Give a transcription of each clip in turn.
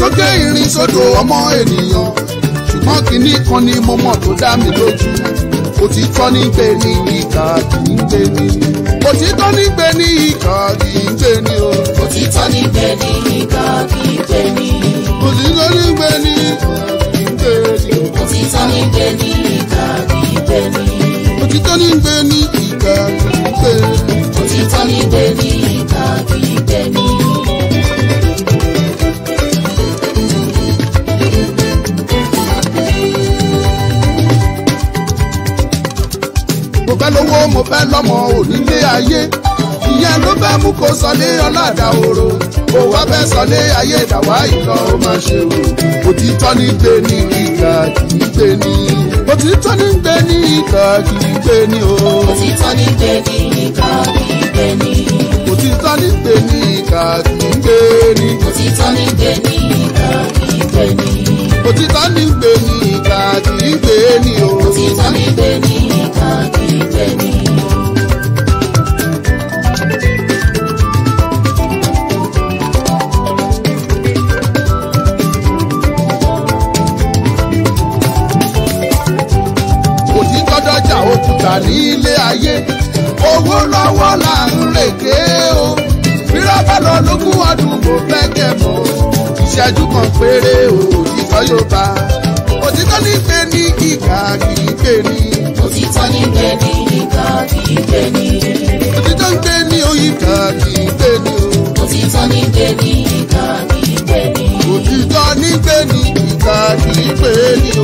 sókè ìrìn sódò ọmọ ènìyàn ṣùgbọ́n kinní kan ni mo mọ̀ tó dá mi lójú òtítọ́ ní gbé ní ìkà kì í gbé ní òtítọ́ ní gbé ní ìkà kì í gbé ní o. òtítọ́ ní gbé ní ìkà kì í gbé ní. òtítọ́ ní gbé ní ìkà kì í gbé ní. òtítọ́ ní gbé ní ìkà kì í gbé ní. òtítọ́ ní gbé ní ìkà. fẹ́ lówó mo fẹ́ lọ́mọ onílé ayé ìyẹn ló fẹ́ mú kó sọlé ọlọ́dà òru kó wá fẹ́ sọlé ayé ìdàwá ìlọ ó máa ṣe o òtítọ́ ní gbé ní ìgbà kì í gbé ní òtítọ́ ní gbé ní ìgbà kì gbé ní o. òtítọ́ ní gbé ní ìgbà kì gbé ní. òtítọ́ ní gbé ní ìgbà kì gbé ní. òtítọ́ ní gbé ní ìgbà kì gbé ní. òtítọ́ ní gbé ní ìgbà kì gbé ní o. òtítọ́ ní gbé ní. ìṣẹ́jú kan péré òtítọ́ yóò bá òtítọ́ ní pé ní gíga kìí pè ní. òtítọ́ ní pé ní gíga kìí pè ní. òtítọ́ ń pè ní oyíká kìí pè ní òtítọ́ ní pé ní gíga kìí pè ní. òtítọ́ ní pé ní gíga kìí pè ní o.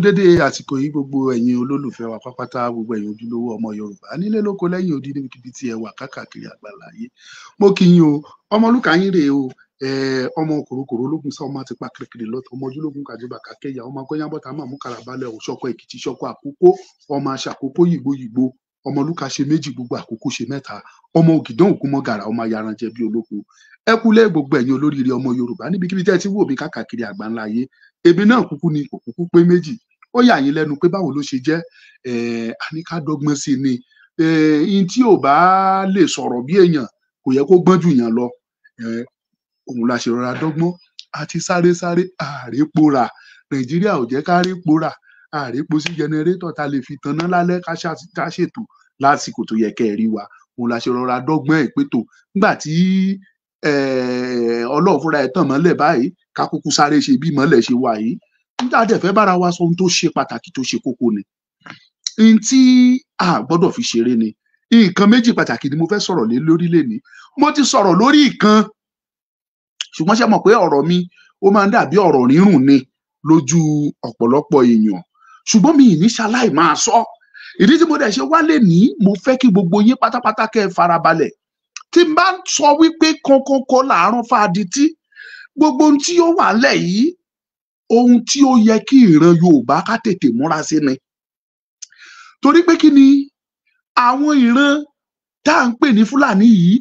dédé àsìkò yìí gbogbo ẹ̀yin olólùfẹ́ wa pápátá gbogbo ẹ̀yin ojúlówó ọmọ Yorùbá nílé lóko lẹ́yìn odi níbikíbi tí ẹ wà káàkiri àgbàlá mo kí yín o ọmọlúkà yín rèé o ọmọ kòrókòró ológun sọ ọmọ àti pa kìrìkìrì lọ́tọ̀ ọmọ ojúlógún kàjọba kàkẹyà ọmọ akọyàbọta máa mú karabalẹ o ṣọkọ Èkìtì ṣọkọ àkókò ọmọ aṣàkókò yìgbó yìgbó ọmọlúkà ṣe méjì gbogbo àkókò ṣe mẹ́ta ọmọ ògìdán ògún mọgàrà ọmọ ayaranjẹ bíi olóko ẹ kúlẹ gbogbo ẹ̀yin olóríire ọmọ Yorùbá níbikíbi tẹ́ ti wò mí káàkiri àgbáńlá ayé èmi náà kúkú ni kò pé méjì ó yà yín lẹ́nu pé báwo ló ṣe jẹ́ àníkádọ́gbọ́n sí ni ihun tí ò bá lè sọ̀rọ̀ bí èèyàn kò yẹ kó gbọ́n jù yàn lọ òun la ṣe rọra dọ́gbọ́n àti sáré sáré ààrẹ pòrà nàìjíríà ò jẹ́ ká rí pòrà ààrẹ po sí jẹnẹrétọ̀ ta lè fi tanná lálẹ́ ká ṣètò lásìkò tó yẹ kẹ́ ẹ rí wa òun la ṣe rọra dọ́gbọ́n ìpètò nígbà tí ọlọ́run fúnra ẹ̀ tàn mọ́lẹ̀ báyìí ká kúkú sáré ṣe bí mọ́lẹ̀ ṣe wà yìí nígbà tẹ̀ fẹ́ bára wa sọ ohun tó ṣe pàtàkì tó ṣe kókó ni n tí a gbọ́dọ̀ fi ṣeré ni nǹkan méjì pàtàkì ni mo fẹ́ sọ̀rọ̀ lé lórí lẹ́ni mo ti sọ̀rọ̀ lórí ìkan ṣùgbọ́n ṣe mọ̀ pé ọ̀rọ̀ mi ó máa ń dàbí ọ̀rọ̀ rírùn ni lójú ọ̀pọ̀lọpọ̀ èèyàn ṣùgbọ́n mi ní ṣaláì máa sọ ìdí tí mo dẹ̀ ṣe wálé ní mo fẹ́ kí gbogbo yín pátápátá kẹ́ ẹ tí n bá sọ wípé kankankan làárọ̀ fàdí tí gbogbo ohun tí ó wà lẹ̀ yìí ohun tí ó yẹ kí ìran Yorùbá ká tètè múra sí ni torí pé kí ni àwọn ìran tá à ń pè ní Fúlàní yìí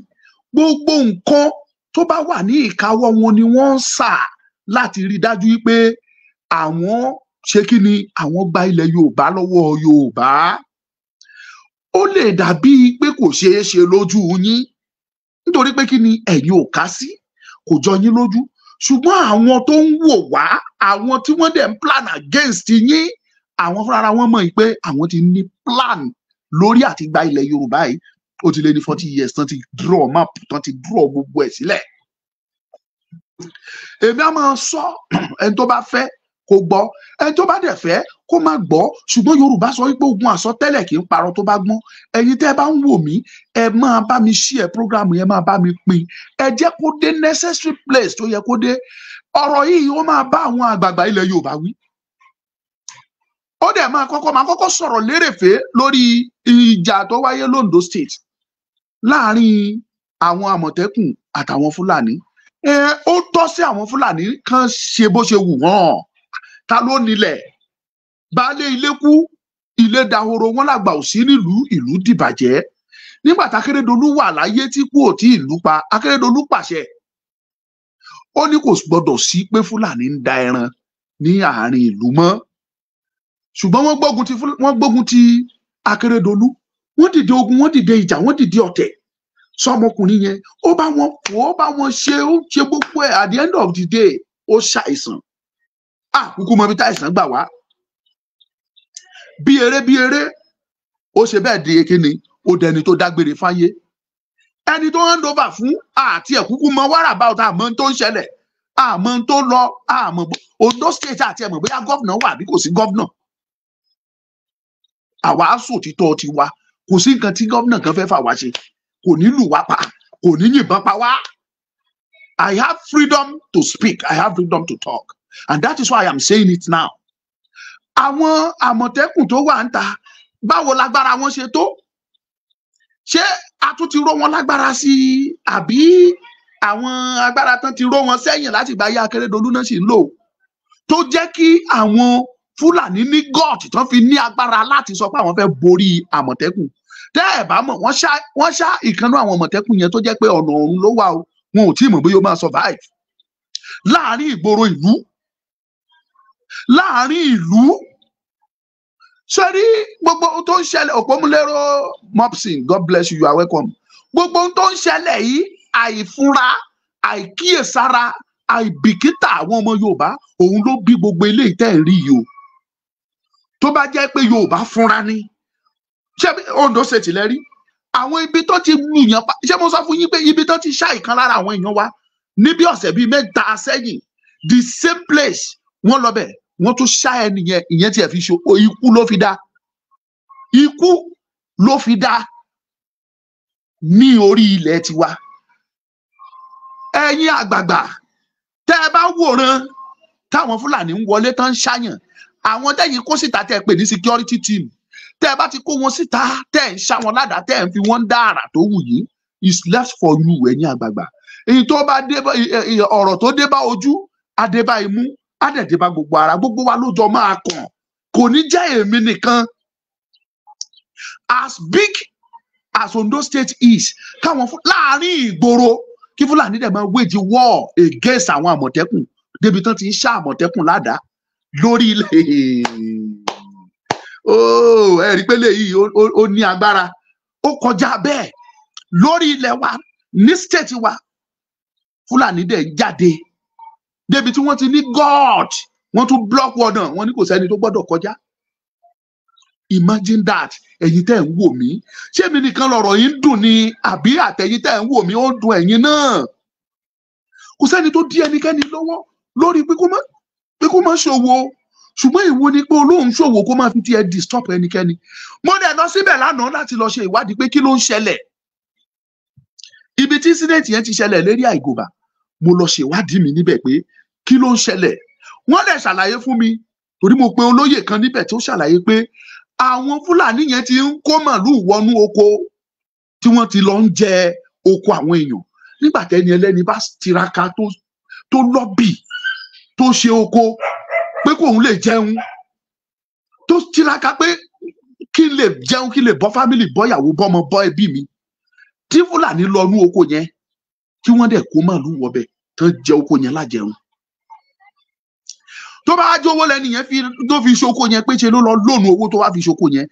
gbogbo nǹkan tó bá wà ní ìkáwọ́ wọn ni wọ́n ń sà láti rí dájú pé àwọn ṣe kí ni àwọn gba ilẹ̀ Yorùbá lọ́wọ́ Yorùbá ó lè dàbí pé kò ṣeé ṣe lójú yín nítorí pé kí ni ẹ̀yin ò ká sí kò jọ yín lójú ṣùgbọ́n àwọn tó ń wò wá àwọn tí wọ́n dẹ̀ ń plan against yín àwọn fúnra wọn mọ̀ pé àwọn ti ní plan lórí àti gba ilẹ̀ Yorùbá yìí ó ti lé ní forty years tán ti draw map tán ti draw gbogbo ẹ̀ sílẹ̀. èmi á máa sọ ẹni tó bá fẹ́ kó gbọ́ ẹni tó bá dẹ̀ fẹ́ kó má gbọ́ ṣùgbọ́n yorùbá sọ wípé ogun àsọtẹ́lẹ̀ kì í parọ́ tó bá gbọ́n ẹ̀yin tẹ́ ẹ bá ń wò mí ẹ máa bá mi ṣí ẹ prógrámù yẹn máa bá mi pín ẹ jẹ́ kó dé necessary place tó yẹ kó dé ọ̀rọ̀ yìí ó máa bá àwọn àgbààgbà ilẹ̀ yorùbá wí ó dẹ̀ máa kọ́kọ́ máa kọ́kọ́ sọ̀rọ̀ lérèfé lórí ìjà tó wáyé londo state láàárín àwọn àmọ̀tẹ́kùn àtàwọn fúlàní ó tọ́ sí àwọn fúlàní kan ṣe bó ṣe wù wọ́n ta ló nílẹ̀ baálé ilé kú ilé dahoro wọn làgbà ò sí nílùú ìlú dìbàjẹ́ nígbà tákérédolú wà láyé tí kú ò tí ìlú pa akérédolú pàṣẹ ó ní kò gbọdọ̀ sí pé fúlàní ń da ẹran ní àárín ìlú mọ́ ṣùgbọ́n wọ́n gbógun ti wọ́n gbógun ti akérédolú wọ́n dìde ogun wọ́n dìde ìjà wọ́n dìde ọ̀tẹ̀ sọmọkùnrin yẹn ó bá wọn fò ó bá wọn ṣe ó ṣe gbogbo ẹ̀ at the end of the day ó ṣàìsàn àkúkú mọbi táìsàn gbà wá bí eré bí eré ó ṣe bẹ́ẹ̀ di kíni ó dẹni tó dágbére fáyé ẹni tó hand over fún àti ẹ̀kúkú mọ wàrà bá àmọ́ tó ń ṣẹlẹ̀ àmọ́ tó lọ àmọ́ Ondo state àti ẹ̀mọ̀ bóyá gọ́vnà wà bí kò sí gọ́vnà àwa sòtítọ́ ti wa kò sí nǹkan tí gọ́vnà kan fẹ́ fà wá ṣe kò ní lù wá pa kò ní yìnbọn pa wá I have freedom to speak I have freedom to talk and that is why I am saying it now àwọn àmọ̀tẹ́kùn tó wà ń ta báwo lágbára wọn ṣe tó ṣé a tún ti ró wọn lágbára sí i àbí àwọn agbára tán ti ró wọn sẹ́yìn láti gba ayé akérèdọ́lù náà sì ń lò tó jẹ́ kí àwọn fúlàní ní gọ́ọ̀tì tán fi ní agbára láti sọ pé àwọn fẹ́ borí àmọ̀tẹ́kùn tẹ́ ẹ̀ bá mọ̀ wọ́n ṣá wọ́n ṣá ìkànnú àwọn àmọ̀tẹ́kùn yẹn tó jẹ́ pé ọ̀nà ọ̀run ló wà o wọn ò tí ì mọ̀ bóyá ó máa survive láàárín ìgboro ìlú láàárín ìlú sẹ́rí gbogbo ohun tó ń ṣẹlẹ̀ òpómúlérò mopsin god bless you you are welcome gbogbo ohun tó ń ṣẹlẹ̀ yìí àìfúnra àìkíyèsára àìbìkítà àwọn ọmọ yorùbá òun ló bí gbogbo eléyìí tẹ́ ń rí yìí o tó bá jẹ́ pé yorùbá fúnra ni ṣé ondo ṣe tìlẹ́ rí àwọn ibi tó ti lù yàn pa ṣé mo sọ fún yín pé ibi tó ti ṣá ìkan lára àwọn èèyàn wa níbi ọ̀sẹ̀ bíi mẹ́ta sẹ́yìn the same place wọ́n lọ bẹ̀ wọ́n tún ṣá ẹni yẹn ìyẹn tiẹ̀ fi ṣe ikú ló fi dá ikú ló fi dá ní orí ilẹ̀ tiwa ẹ̀yin àgbààgbà tẹ́ ẹ bá wòran táwọn fúlàní ń wọlé tán ń ṣàyàn àwọn tẹ́yìn kó síta tẹ́ ẹ pè ní security team tẹ́ ẹ bá ti kó wọn síta tẹ́ ẹ ń ṣá wọn ládàá tẹ́ ẹ ń fi wọ́n dá àrà tó wù yín is left for you ẹ̀yin àgbààgbà èyí tó bá dé bá tó dé bá ojú adébá imú á dẹ̀ dé bá gbogbo ara gbogbo wa ló jọ máa kàn kò ní jẹ́ èmi nìkan as big as Ondo State is káwọn fún láàrin ìgboro kí Fúlàní dẹ̀ máa wage war against àwọn Àmọ̀tẹ́kùn débi tán ti ń ṣá Àmọ̀tẹ́kùn ládàá lórí ilẹ̀ ooo oh, ẹ̀rí pé léyìí ó ní agbára ó kọjá bẹ́ẹ̀ lórí ilẹ̀ wa ní state wa Fúlàní dẹ̀ jáde débi tí wọ́n ti ní god wọ́n tún block wọnà wọ́n ní kò sẹ́ni tó gbọ́dọ̀ kọjá imagine that ẹ̀yin tẹ́ ẹ̀ ń wò mí ṣé mi nìkan lọ̀rọ̀ yìí ń dùn ni àbí àtẹ̀yin tẹ́ ẹ̀ ń wò mí ó ń dùn ẹ̀yin náà kò sẹ́ni tó dí ẹnikẹ́ni lọ́wọ́ lórí pé kó má ṣòwò ṣùgbọ́n ìwo ni pé olóhùn ṣòwò kó máa fi tiẹ̀ disturb ẹnikẹ́ni mo dẹ̀ lọ síbẹ̀ lánàá láti lọ ṣe ìwádìí pé kí ló ń ṣẹlẹ̀ ibi tí sínéètì yẹn ti ṣẹlẹ̀ lérí àìgòbà mo lọ ṣèwádìí mi níbẹ̀ pé kí ló ń ṣẹlẹ̀ wọ́n lè ṣàlàyé fún mi torí mo pe olóyè kan níbẹ̀ tó ṣàlàyé pé àwọn fúlàní yẹn ti ń kó màlúù wọnú oko tí wọ́n ti lọ ń jẹ oko àwọn èèyàn nígbà tẹ́ni ẹlẹ́ni bá tiraka tó lọ́bì tó ṣe oko pé kóun lè jẹun tó tiraka pé kí n lè jẹun kí n lè bọ́ fámìlì bọ́yàwó bọ́mọ bọ́ ẹbí mi tí fúlàní lọ nú oko yẹn tí wọ́n dẹ̀ kó màlúù wọbẹ̀ tán jẹ oko yẹn lájẹun tó bá jówó lẹ́nìyẹn fi tó fi ṣoko yẹn pé ṣe ló lọ lónù owó tó wá fi ṣoko yẹn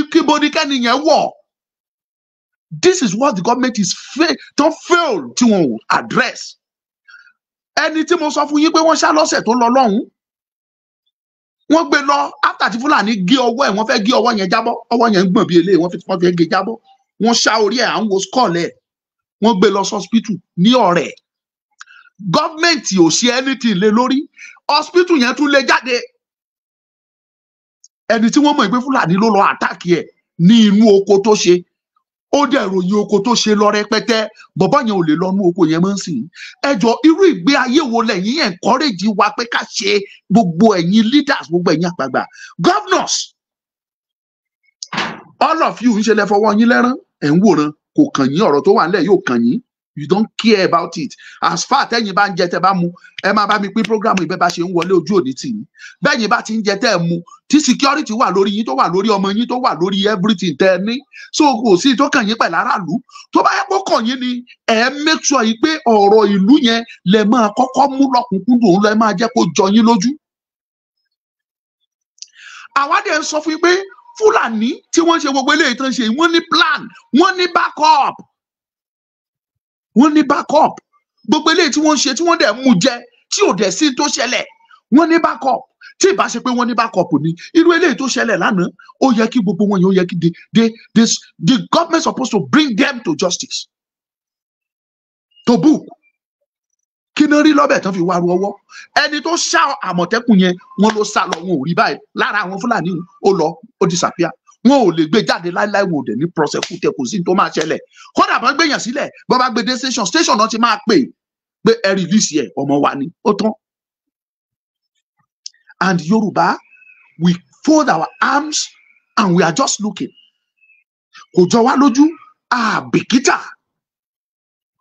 ìkíbodikẹ́ni yẹn wọ̀ this is what the government is fail tó fail tí wọn ò address ẹni tí mo sọ fún yín pé wọ́n ṣá lọ́sẹ̀ tó lọ lọ́hùn wọ́n gbé lọ after ti fúlàní gé ọwọ́ ẹ̀ wọ́n fẹ́ gé ọwọ́ yẹn jábọ́ ọwọ́ yẹn ń gbọ̀n bí eléyìí wọ́n fẹ́ gé jábọ́ wọ́n ṣá orí ẹ̀ à ń wo skull ẹ̀ wọ́n gbé lọ sọ́spítù ní ọ̀rẹ́ Government, ò ṣe anything lé lórí hospital yẹn tún lé jáde ẹni tí wọ́n mọ̀ pé fúlàní ló lọ àtàkì ẹ̀ ní inú oko tó ṣe ó dẹ̀ ròyìn oko tó ṣe lọ rẹpẹtẹ bọ̀bọ́ yẹn ò lè lọ inú oko yẹn mọ́ sí i ẹjọ́ irú ìgbé ayé wo lẹ́yìn encourage wa pé ká ṣe gbogbo ẹ̀yin leaders gbogbo ẹ̀yin àgbààgbà governors all of you ń ṣe lẹ́fọwọ́ yín lẹ́rán ẹ̀ ń wòran kò kàn yín ọ̀rọ̀ tó wà nílẹ̀ yóò kàn yín you don't care about it as far tẹ́yin bá ń jẹ tẹ́ bá mu ẹ máa bá mi pín program ìbẹ́ bá ṣe ń wọlé ojú òní tì yín bẹ́yìn bá ti ń jẹ tẹ́ mu tí security wà lórí yín tó wà lórí ọmọ yín tó wà lórí everything tẹ́ ẹ ní so kò sí tó kàn yín pẹ̀lú aráàlú tó bá yẹ kó kàn yín ni ẹ make sure yìí pé ọ̀rọ̀ ìlú yẹn lẹ máa kọ́kọ́ mú lọ́kùnkúndùn òun lẹ máa jẹ́ kó jọ yín lójú. àwa dẹ̀ ń sọ fún yín pé fúlàní tí wọ́n ṣe gbogbo eléyìí tán ṣe wọ́n ní plan wọ́n ní backup wọ́n ní backup gbogbo eléyìí tí wọ́n ń ṣe tí wọ́n dẹ̀ mú jẹ tí ò dẹ̀ sí tó ṣẹlẹ̀ wọ́n ní backup tí ìbá ṣe pé wọ́n ní backup ni irú eléyìí tó ṣẹlẹ̀ lánàá ó yẹ kí gbogbo wọn yẹn ó yẹ kí the the the government supposed to bring them to justice to book kí ni rí lọ́bẹ̀ tán fi wá ru ọwọ́ ẹni tó ṣá àmọ̀tẹ́kùn yẹn wọ́n ló sá lọ wọn ò rí báyìí lára àwọn fúlàní ó lọ ó disappear wọn ò lè gbé jáde láíláí wọn ò dẹ̀ ní prosecute kò sí tó máa ṣẹlẹ̀ kódà bá gbèyàn sílẹ̀ bá bá gbé dé station station náà ti máa pè pé ẹ release ẹ ọmọ wa ni ó tán and Yorùbá we fold our arms and we are just looking kò jọ wá lójú àbìkítà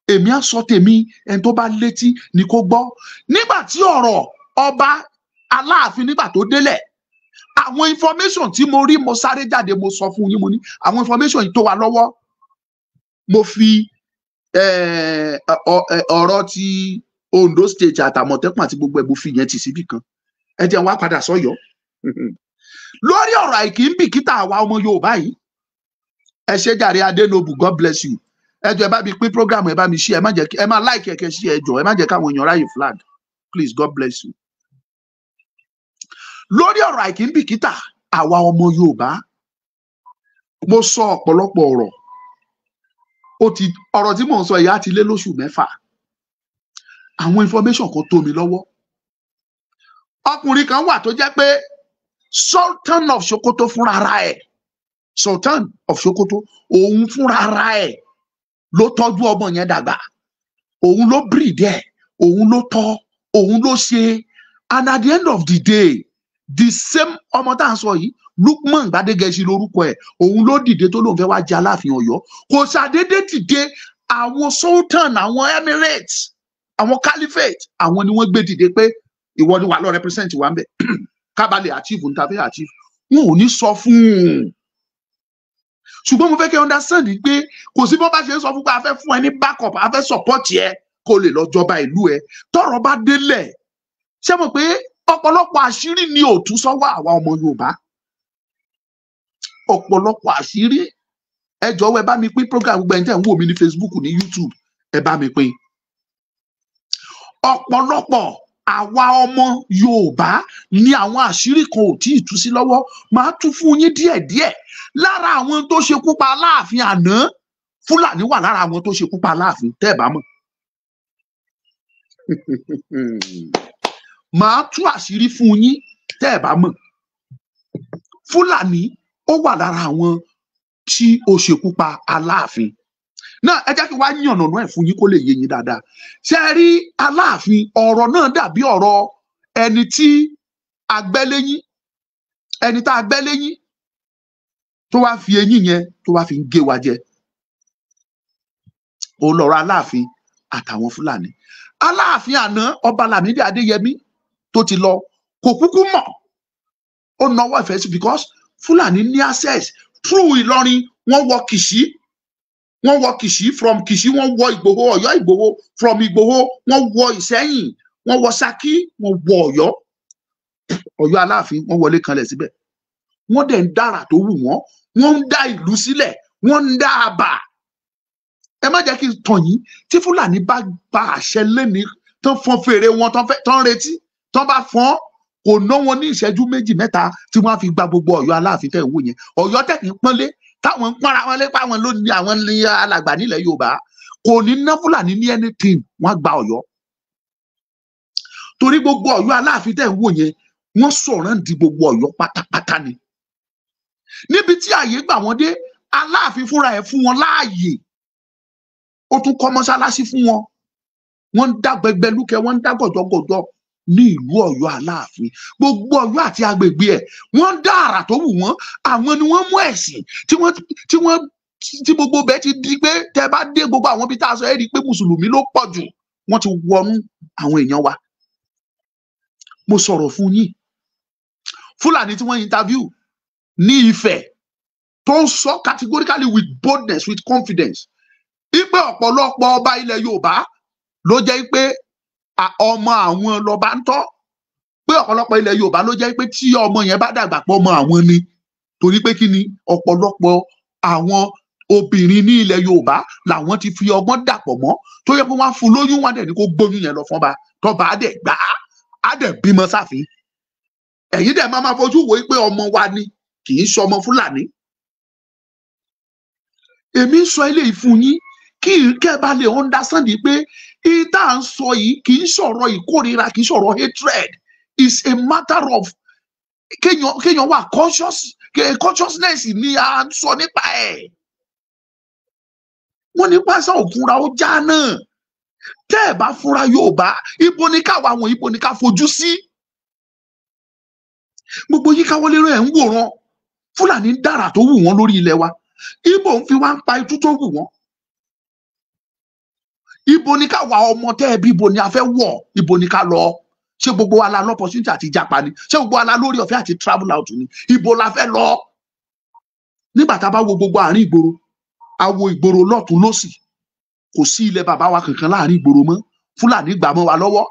èmi á sọ tèmi ẹni tó bá létí ni kó gbọ́ nígbà tí ọ̀rọ̀ ọba Aláàfin nígbà tó délẹ̀ àwọn information tí mo rí mo sáré jáde mo sọ fún yín mo ní àwọn information yìí tó wà lọ́wọ́ mo fi eh, eh, ọ̀rọ̀ ti Ondo state àtàmọ̀tẹ́kùn àti gbogbo ẹ̀bù fi yẹn ti síbì kan ẹ jẹ́ wá padà sọ́yọ́ lórí ọ̀rọ̀ àìkíńbìkítà àwa ọmọ Yorùbá yìí ẹ ṣé jàre Adénobù God bless you ẹ jọ̀ọ́ ẹ bá mi pín program ẹ bá mi ṣí ẹ má jẹ́ ẹ má like ẹ kẹ ṣí ẹ jọ̀ọ́ ẹ má jẹ́ káwọn èèyàn ráyè flag please God bless you lórí ọ̀rọ̀ àìkínbìkítà àwa ọmọ Yorùbá mo sọ ọ̀pọ̀lọpọ̀ ọ̀rọ̀ ó ti ọ̀rọ̀ tí mò ń sọ ìyá ti lé lóṣù mẹ́fà àwọn information kan tó mi lọ́wọ́ ọkùnrin kan wà tó jẹ́ pé Sultan of Sokoto fúnra ara ẹ̀ Sultan of Sokoto òun fúnra ara ẹ̀ ló tọ́jú ọmọ yẹn dàgbà òun ló breed ẹ̀ òun ló tọ́ òun ló ṣe and at the end of the day the same ọmọ tá à ń sọ yìí Lukman Gbadegesi lórúkọ ẹ̀ òun ló dìde tó lóun fẹ́ wá jẹ Aláàfin Ọ̀yọ́ kò ṣàdédé dìde àwọn sultan àwọn emirates àwọn caliphate àwọn ni wọ́n gbé dìde pé ìwọ ni wà lọ represent wa ń bẹ kábàlẹ achieve níta achieve wọn ò ní sọ fún ṣùgbọ́n mo fẹ́ kẹ́ understand pé kò sí bó bá ṣe ń sọ fún pé a fẹ́ fún ẹ ní backup a fẹ́ support ẹ kó lè lọ jọba ìlú ẹ tọ́rọ̀ bá délẹ̀ ṣé mo pé ọ̀pọ̀lọpọ̀ àṣírí ni òtún sọ́wọ́ àwa ọmọ Yorùbá ọ̀pọ̀lọpọ̀ àṣírí ẹ jọ̀wọ́ ẹ bá mi pín program gbogbo ẹni tẹ́ ń wò mí ní Facebook ní YouTube ẹ bá mi pín ọ̀pọ̀lọpọ̀ àwa ọmọ Yorùbá ni àwọn àṣírí kan ò tí ì tú sí lọ́wọ́ máa tú fún yín díẹ̀díẹ̀ lára àwọn tó ṣekú pa Aláàfin àná Fúlàní wà lára àwọn tó ṣekú pa Aláàfin tẹ́ ẹ bá mọ̀. màá tú àṣírí fún yín tẹ́ ẹ bá mọ̀ fúlàní ó wà lára àwọn tí ó ṣekú pa aláàfin náà ẹ jẹ́ kí wàá yànnàná ẹ̀ fún yín kó lè yé yín dáadáa ṣe é rí aláàfin ọ̀rọ̀ náà dàbí ọ̀rọ̀ ẹni tí agbẹ́lẹ́yìn ẹni tá agbẹ́lẹ́yìn tó wá fi eyín yẹn tó wá fi ń gé wa jẹ ó lọ́rọ̀ aláàfin àtàwọn fúlàní aláàfin àná ọba lámídì adéyẹmí tó ti lọ kò kúkú mọ̀ ó nawọ́ ìfẹ́ sí because fúlàní ní access through ìlọrin wọ́n wọ kìsì wọ́n wọ kìsì from kìsì wọ́n wọ ìgbòho ọ̀yọ́ ìgbòho from ìgbòho wọ́n wọ ìṣẹ́yìn wọ́n wọ saki wọ́n wọ ọ̀yọ́ ọ̀yọ́ aláàfin wọ́n wọlé kanlẹ̀ síbẹ̀ wọ́n dẹ̀ ń dára tó wù wọ́n wọ́n ń dá ìlú sílẹ̀ wọ́n ń dá àbà ẹ má jẹ́ kí n tàn yín tí fúlàní bá gba àṣẹ lẹ́ni tán fọn fèrè wọn tán retí tó bá fọ́n kò ná wọn ní ìṣẹ́jú méjì mẹ́ta tí wọ́n á fi gba gbogbo Ọ̀yọ́ Aláàfin tẹ̀ wò yẹn Ọ̀yọ́ tẹ̀ ní pọ́nlé táwọn ń pọ́nra wọn lépa àwọn lónìí àwọn ní alàgbà nílẹ̀ Yorùbá kò ní ná Fúlàní ní anything wọ́n gba Ọ̀yọ́ torí gbogbo Ọ̀yọ́ Aláàfin tẹ̀ wò yẹn wọ́n sọ̀rọ̀ ń di gbogbo Ọ̀yọ́ pátápátá ni níbi tí ààyè gbà wọ́n dé Aláàfin fúnra ẹ̀ fún wọn láàyè ó tún kọ́ mọ́sálásí fún wọn wọ́n ń dá gbẹgbẹ lúkẹ wọ́n ń dá gọ̀dọ̀gọ̀dọ̀ ní ìlú Ọ̀yọ́ Aláàfin gbogbo Ọ̀yọ́ àti agbègbè ẹ̀ wọ́n dá àrà tó wù wọ́n àwọn ni wọ́n mú ẹ̀sìn tí wọ́n tí wọ́n tí gbogbo bẹ́ẹ̀ ti di pé tẹ bá dé gbogbo àwọn ibi tá a sọ ẹ rí i pé mùsùlùmí ló pọ̀ jù wọ́n ti wọnú àwọn èèyàn wa mo sọ̀rọ̀ fún yín Fúlàní tí wọ́n interview ní Ifẹ̀ tó ń sọ categorically with boldness with confidence ipe ọ̀pọ̀lọpọ̀ ọba ilẹ̀ Yorùbá ló jẹ́ pé ọmọ àwọn lọba ń tọ́ pé ọ̀pọ̀lọpọ̀ ilẹ̀ Yorùbá ló jẹ́ pé tí ọmọ yẹn bá dàgbà pọ̀ ọmọ àwọn ni torí pé kí ni ọ̀pọ̀lọpọ̀ àwọn obìnrin ní ilẹ̀ Yorùbá làwọn ti fi ọgbọ́n dàpọ̀ mọ́ tó yẹ kó wọ́n fún lóyún wọn dẹ̀ ní kó gbóyún yẹn lọ fọ́nba tọ́ba á dẹ̀ gbà á á bímọ sáfin ẹ̀yin dẹ̀ máa máa fojú wo pé ọmọ wa ni kì í sọmọ Fúlàní èmi sọ eléyìí fún yín kí kẹ́ ẹ bá lè understand pé ìta à ń sọ yìí kì í sọ̀rọ̀ ìkórira kì sọ̀rọ̀ hatred is a matter of kéèyàn kéèyàn wà conscious consciousness ni à ń sọ nípa ẹ̀ wọ́n ní pásá òkúra ó já náà tẹ́ ẹ̀ bá fúnra Yorùbá ibo ni káwa àwọn ibo ni ká fojú sí gbogbo yíká wọlé rẹ̀ ń wòran Fúlàní ń dàrà tó wù wọ́n lórí ilẹ̀ wa Ìgbò ń fi wá ń pa itú tó wù wọ́n ibo ni ká wà ọmọ tẹ́ ẹ bí ibo ni a fẹ́ wọ̀ ibo ni ká lọ ṣé gbogbo wa la lọ́pọ̀sítì àti japa ni ṣé gbogbo wa la lórí ọ̀fẹ́ àti travel out ni ibo la fẹ́ lọ nígbà tá a bá wo gbogbo àárín ìgboro a wo ìgboro lọ́tún lọ́sì kò sí ilẹ̀ bàbá wa kankan láàrin ìgboro mọ́ fúlàní gbà mọ́ wa lọ́wọ́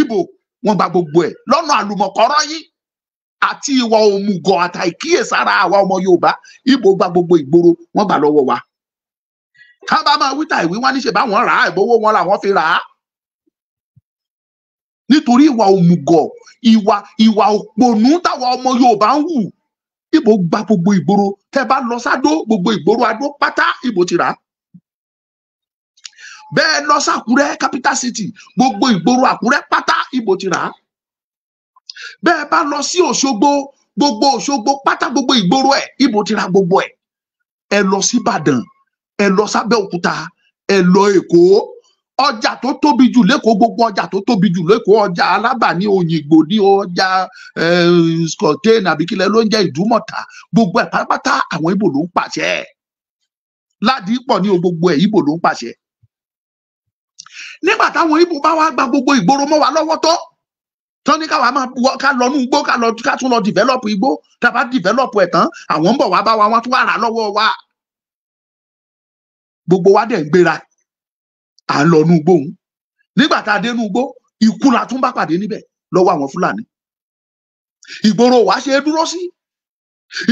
ibo wọn gba gbogbo ẹ̀ lọ́nà àlùmọ̀kọ́rọ́ yín àti ìwà òmùgọ̀ àtàìkíyèsára àwa ọmọ yorùbá ibo gba gbogbo ìgboro wọn gbà lọ́wọ́ wa ká bá máa wíta ìwé wọn níṣe báwọn rà á ìbówó wọn làwọn fi rà á nítorí ìwà òmùgọ̀ ìwà ìwà òpònú táwọn ọmọ Yorùbá ń hù ìbò gba gbogbo ìgboro tẹ bá lọ sádó gbogbo ìgboro adó pátá ìbò ti rà á bẹ́ẹ̀ lọ sàkúrẹ́ capital city gbogbo ìgboro àkúrẹ́ pátá ìbò ti rà á bẹ́ẹ̀ bá lọ sí òṣogbo gbogbo òṣogbo pátá gbogbo ìgboro ẹ̀ ìbò ti rà gbogbo ẹ̀ ẹ lọ sí ìbàdàn ẹ lọ sábẹ́òkúta ẹ lọ èkó ọjà tó tóbi jù lẹ́kọ̀ọ́ gbogbo ọjà tó tóbi jù lẹ́kọ̀ọ́ ọjà alábà ní òyìnbó ní ọjà eh, scottain àbíkílẹ̀ ló ń jẹ́ ìdúmọ̀tà gbogbo ẹ̀ pátápátá àwọn ibo ló ń pàṣẹ ládìí pọ̀ ní gbogbo ẹ̀ ibo ló ń pàṣẹ nígbà táwọn ibo bá wá gba gbogbo ìgboro mọ́ wa lọ́wọ́ tó tán ní káwa máa wọ ká lọ nú igbó ká tún lọ dìvẹ́lọ́pù igbó tá a bá dìvẹ́lọ́pù ẹ̀ tán àwọn ń bọ̀ wá bá wa wọ́n tún wà rà lọ́wọ́ wa gbogbo wa dẹ̀ ń gbéra à ń lọ inú igbó òun nígbà tá a dé inú igbó ikú la tún bá pàdé níbẹ̀ lọ́wọ́ àwọn fúlàní ìgboro wàá ṣe é dúró sí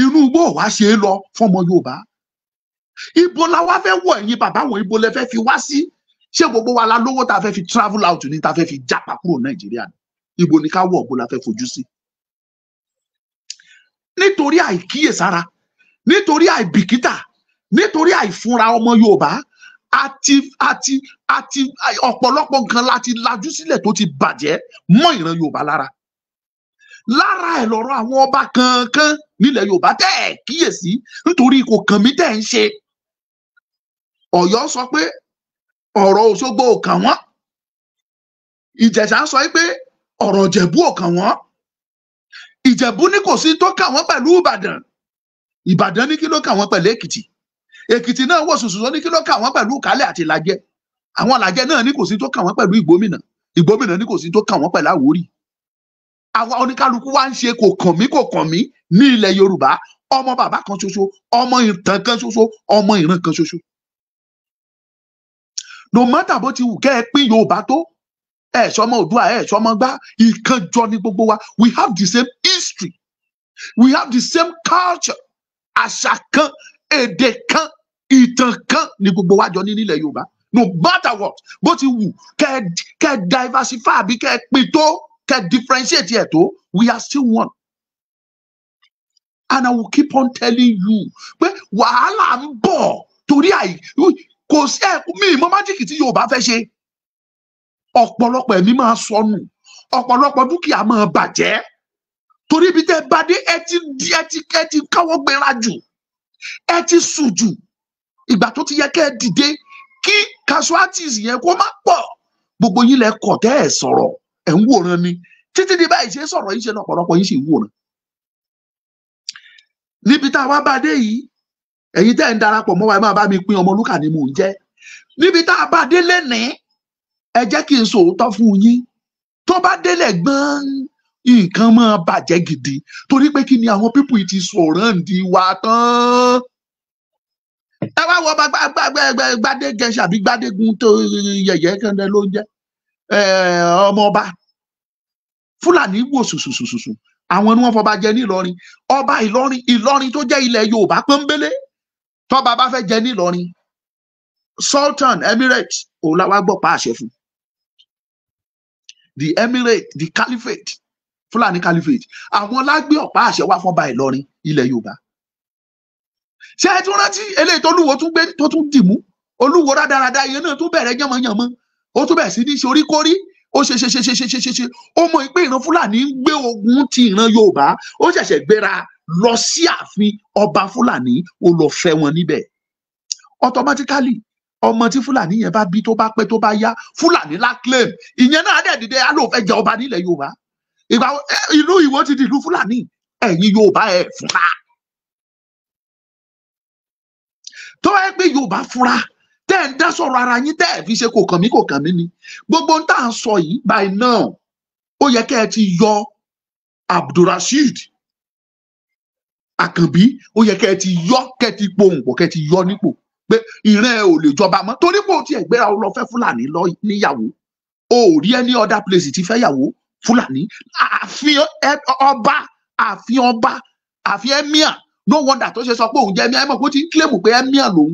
inú igbó wàá ṣe é lọ fọmọ yorùbá ibo la wá fẹ́ wọ̀ ẹ̀yin bàbá wọn ibo lẹ fẹ́ fi wá sí ṣé gbogbo wa la lówó tá fẹ́ fi travel out ni tá a fẹ́ fi jápa kúrò nàìjíríà ni ibo ni ká wọ̀ ọ̀gbọ́n la fẹ́ fojú sí nítorí àìkíyèsára nítorí àìbìkítà nítorí àìfúnra ọmọ Yorùbá àti àti àti ọ̀pọ̀lọpọ̀ nǹkan láti lajú sílẹ̀ tó ti bàjẹ́ mọ́ ìran Yorùbá lára lára ẹ̀ lọ́rọ̀ àwọn ọba kankan nílẹ̀ Yorùbá tẹ́ ẹ̀ kíyèsí nítorí kò kàn mí tẹ́ ẹ̀ ń ṣe Ọ̀yọ́ sọ pé ọ̀rọ̀ Òṣogbo ò kàn wọ́n Ìjẹ̀ṣà sọ pé ọ̀rọ̀ Ìjẹ̀bú ò kàn wọ́n Ìjẹ̀bú ní kò sí tó kàn wọ́n pẹ̀lú Ìbàdàn Ìbàdàn ní kí ló kàn wọ́n pẹ̀lú Èkìtì èkìtì náà wò sùsù ní kí ló kà wọ́n pẹ̀lú kálẹ̀ àti làjẹ́ àwọn làjẹ́ náà ní kò sí tó kà wọ́n pẹ̀lú ìgbómìnà ìgbómìnà ní kò sí tó kà wọ́n pẹ̀lú àwórì àwa oníkálukú wa ń ṣe kò kàn mí kò kàn mí ní ilẹ̀ yorùbá ọmọ bàbá kan ṣoṣo ọmọ ìtàn kan ṣoṣo ọmọ ìran kan ṣoṣo no matter bó ti wù kẹ́ ẹ pín yorùbá tó ẹ sọmọ òdua ẹ sọmọ gbá ìkànjọ ni gbogbo wa we have the same history we have the same culture àṣà kan èdè kan ìtàn kan ni gbogbo wa ní nílẹ̀ Yorùbá no matter what bó ti wù kẹ kẹ diversify àbí kẹ pin tó kẹ differentiate ẹ tó we are still one and I will keep on telling you pé wàhálà ń bọ̀ torí àì kò sí ẹ̀kú mi ìmọ̀ májíkì tí Yorùbá fẹ́ ṣe ọ̀pọ̀lọpọ̀ ẹ̀mí máa sọnù ọ̀pọ̀lọpọ̀ dúkìá máa bàjẹ́ torí ibi tẹ́ bá dé ẹ ti ẹ ti ẹ ti káwọ́ gbéra jù ẹ ti sùn jù ìgbà tó ti yẹ kẹ́ ẹ dìde kí casualties yẹn kó má pọ̀ gbogbo yín lẹ kọ̀ tẹ́ ẹ sọ̀rọ̀ ẹ̀ ń wòran ni títí di báyìí ṣe sọ̀rọ̀ yín ṣe lọ́pọ̀lọpọ̀ yín ṣe ń wòran. níbi tá a wá bá dé yìí ẹ̀yin tẹ́ ẹ̀ ń darapọ̀ mọ́ wa ẹ máa bá mi pín Ọmọlúkà ni mò ń jẹ́ níbi tá a bá dé lẹ́nìí ẹ jẹ́ kí n sòótọ́ fún yín tó bá délẹ̀ gbọ́n nǹkan máa bàjẹ́ gidi torí pé kí ni àwọn pípù yìí ti sọ̀rọ̀ǹdì wa tán. ẹ wá wọ gbadégẹṣẹ àbí gbadégun tó yẹyẹ kẹndẹ ló ń jẹ ọmọọba fúlàní wò sùsùsùsù àwọn ni wọn fọba jẹ nílọrin ọba ìlọrin ìlọrin tó jẹ ilẹ̀ yorùbá pọ́nbélé tọba bá fẹ́ jẹ nílọrin sultan emirate òun la wá pa àṣẹ fún the emirate the caliphate Fúlàní Caliphate àwọn lágbé ọ̀pá àṣẹ wá fún ba Ìlọrin ilẹ̀ Yorùbá ṣé ẹ tún rántí eléyìí tó lúwo tún gbé tó tún dìmú olúwo rádaràda iye náà tún bẹ̀rẹ̀ yánmọ́yánmọ́ ó tún bẹ̀rẹ̀ sí ní ṣe oríkórí ó ṣe ṣe ṣe ṣe ṣe ṣe ṣe ṣe ó mọ pé ìran Fúlàní ń gbé ogun ti ìran Yorùbá ó ṣẹ̀ṣẹ̀ gbéra lọ sí ààfin ọba Fúlàní ó lọ fẹ́ wọn níbẹ̀ automatically ọmọ tí Fúlàní yẹn bá bí tó bá pẹ́ tó bá yá Fúlàní la claim ìyẹn náà dẹ̀ dìde á lò fẹ́ jẹ ọba nílẹ̀ Yorùbá ìgbà ìlú Ìwó ti di ìlú Fúlàní ẹ̀yin Yorùbá ẹ fúnra tó ẹ pé Yorùbá fúnra tẹ́ ẹ ń dá sọ̀rọ̀ ara yín tẹ́ ẹ fi ṣe kò kàn mí kò kàn mí ni gbogbo ń tà ń sọ yìí by now ó yẹ kẹ́ ẹ ti yọ Abdulrasheed Àkànbí ó yẹ kẹ́ ẹ ti yọ kẹ́ ẹ ti pohùn pọ̀ kẹ́ ẹ ti yọ nípò pé ìran ẹ ò lè jọba mọ́ torí pé o tiẹ̀ gbéra o lọ níyàwó o ò rí any other place ti fẹ́ yàwó Fulani, ààfin ọba ààfin ọba ààfin emir no wonder tó ṣe sọ pé òun jẹ emir ẹ mọ̀ pé ó ti ń kílèmù pé emir lòun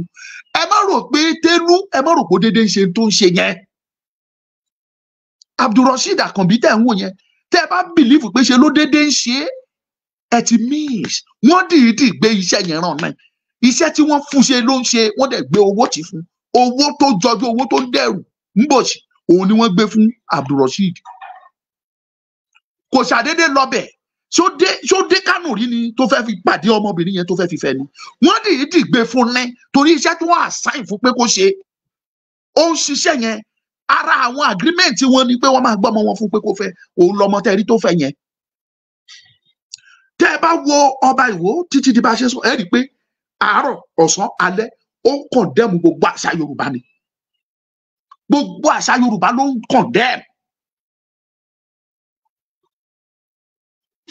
ẹ má rò pé tẹnu ẹ má rò pé déédéé ṣe tó ń ṣe yẹn abdulrasheed akànbí tẹ̀ ń wò yẹn tẹ́ ẹ bá bìlífù pé ṣe ló déédéé ń ṣe ẹ ti miss wọ́n dìídì gbé iṣẹ́ yẹn ràn náà iṣẹ́ tí wọ́n fún ṣe ló ń ṣe wọ́n dẹ̀ gbé owó tì fún owó tó jọjú owó tó ń dẹrù ń bọ̀ sí òun ni wọ́n gbé fún abdulrasheed kò ṣàdédé lọbẹ̀ ṣó dé kánò rí ni tó fẹ́ fi pàdé ọmọbìnrin yẹn tó fẹ́ fi fẹ́ ni wọ́n dìídì gbé fún ní torí iṣẹ́ tí wọ́n àṣàyàn fún pé kó ṣe ó ń ṣiṣẹ́ yẹn ara àwọn agreement wọn ni pé wọ́n máa gbọ́mọ wọn fún pé kó fẹ́ òun lọmọ tẹ́rí tó fẹ́ yẹn tẹ́ ẹ bá wo ọba ìwó títí di bá ṣe sọ ẹ rí i pé àárọ̀ ọ̀sán alẹ́ ó ń kọ̀ndẹ́mù gbogbo àṣà yorùbá ni gbogbo àṣà yorùbá ló ń kọ̀ndẹ́mù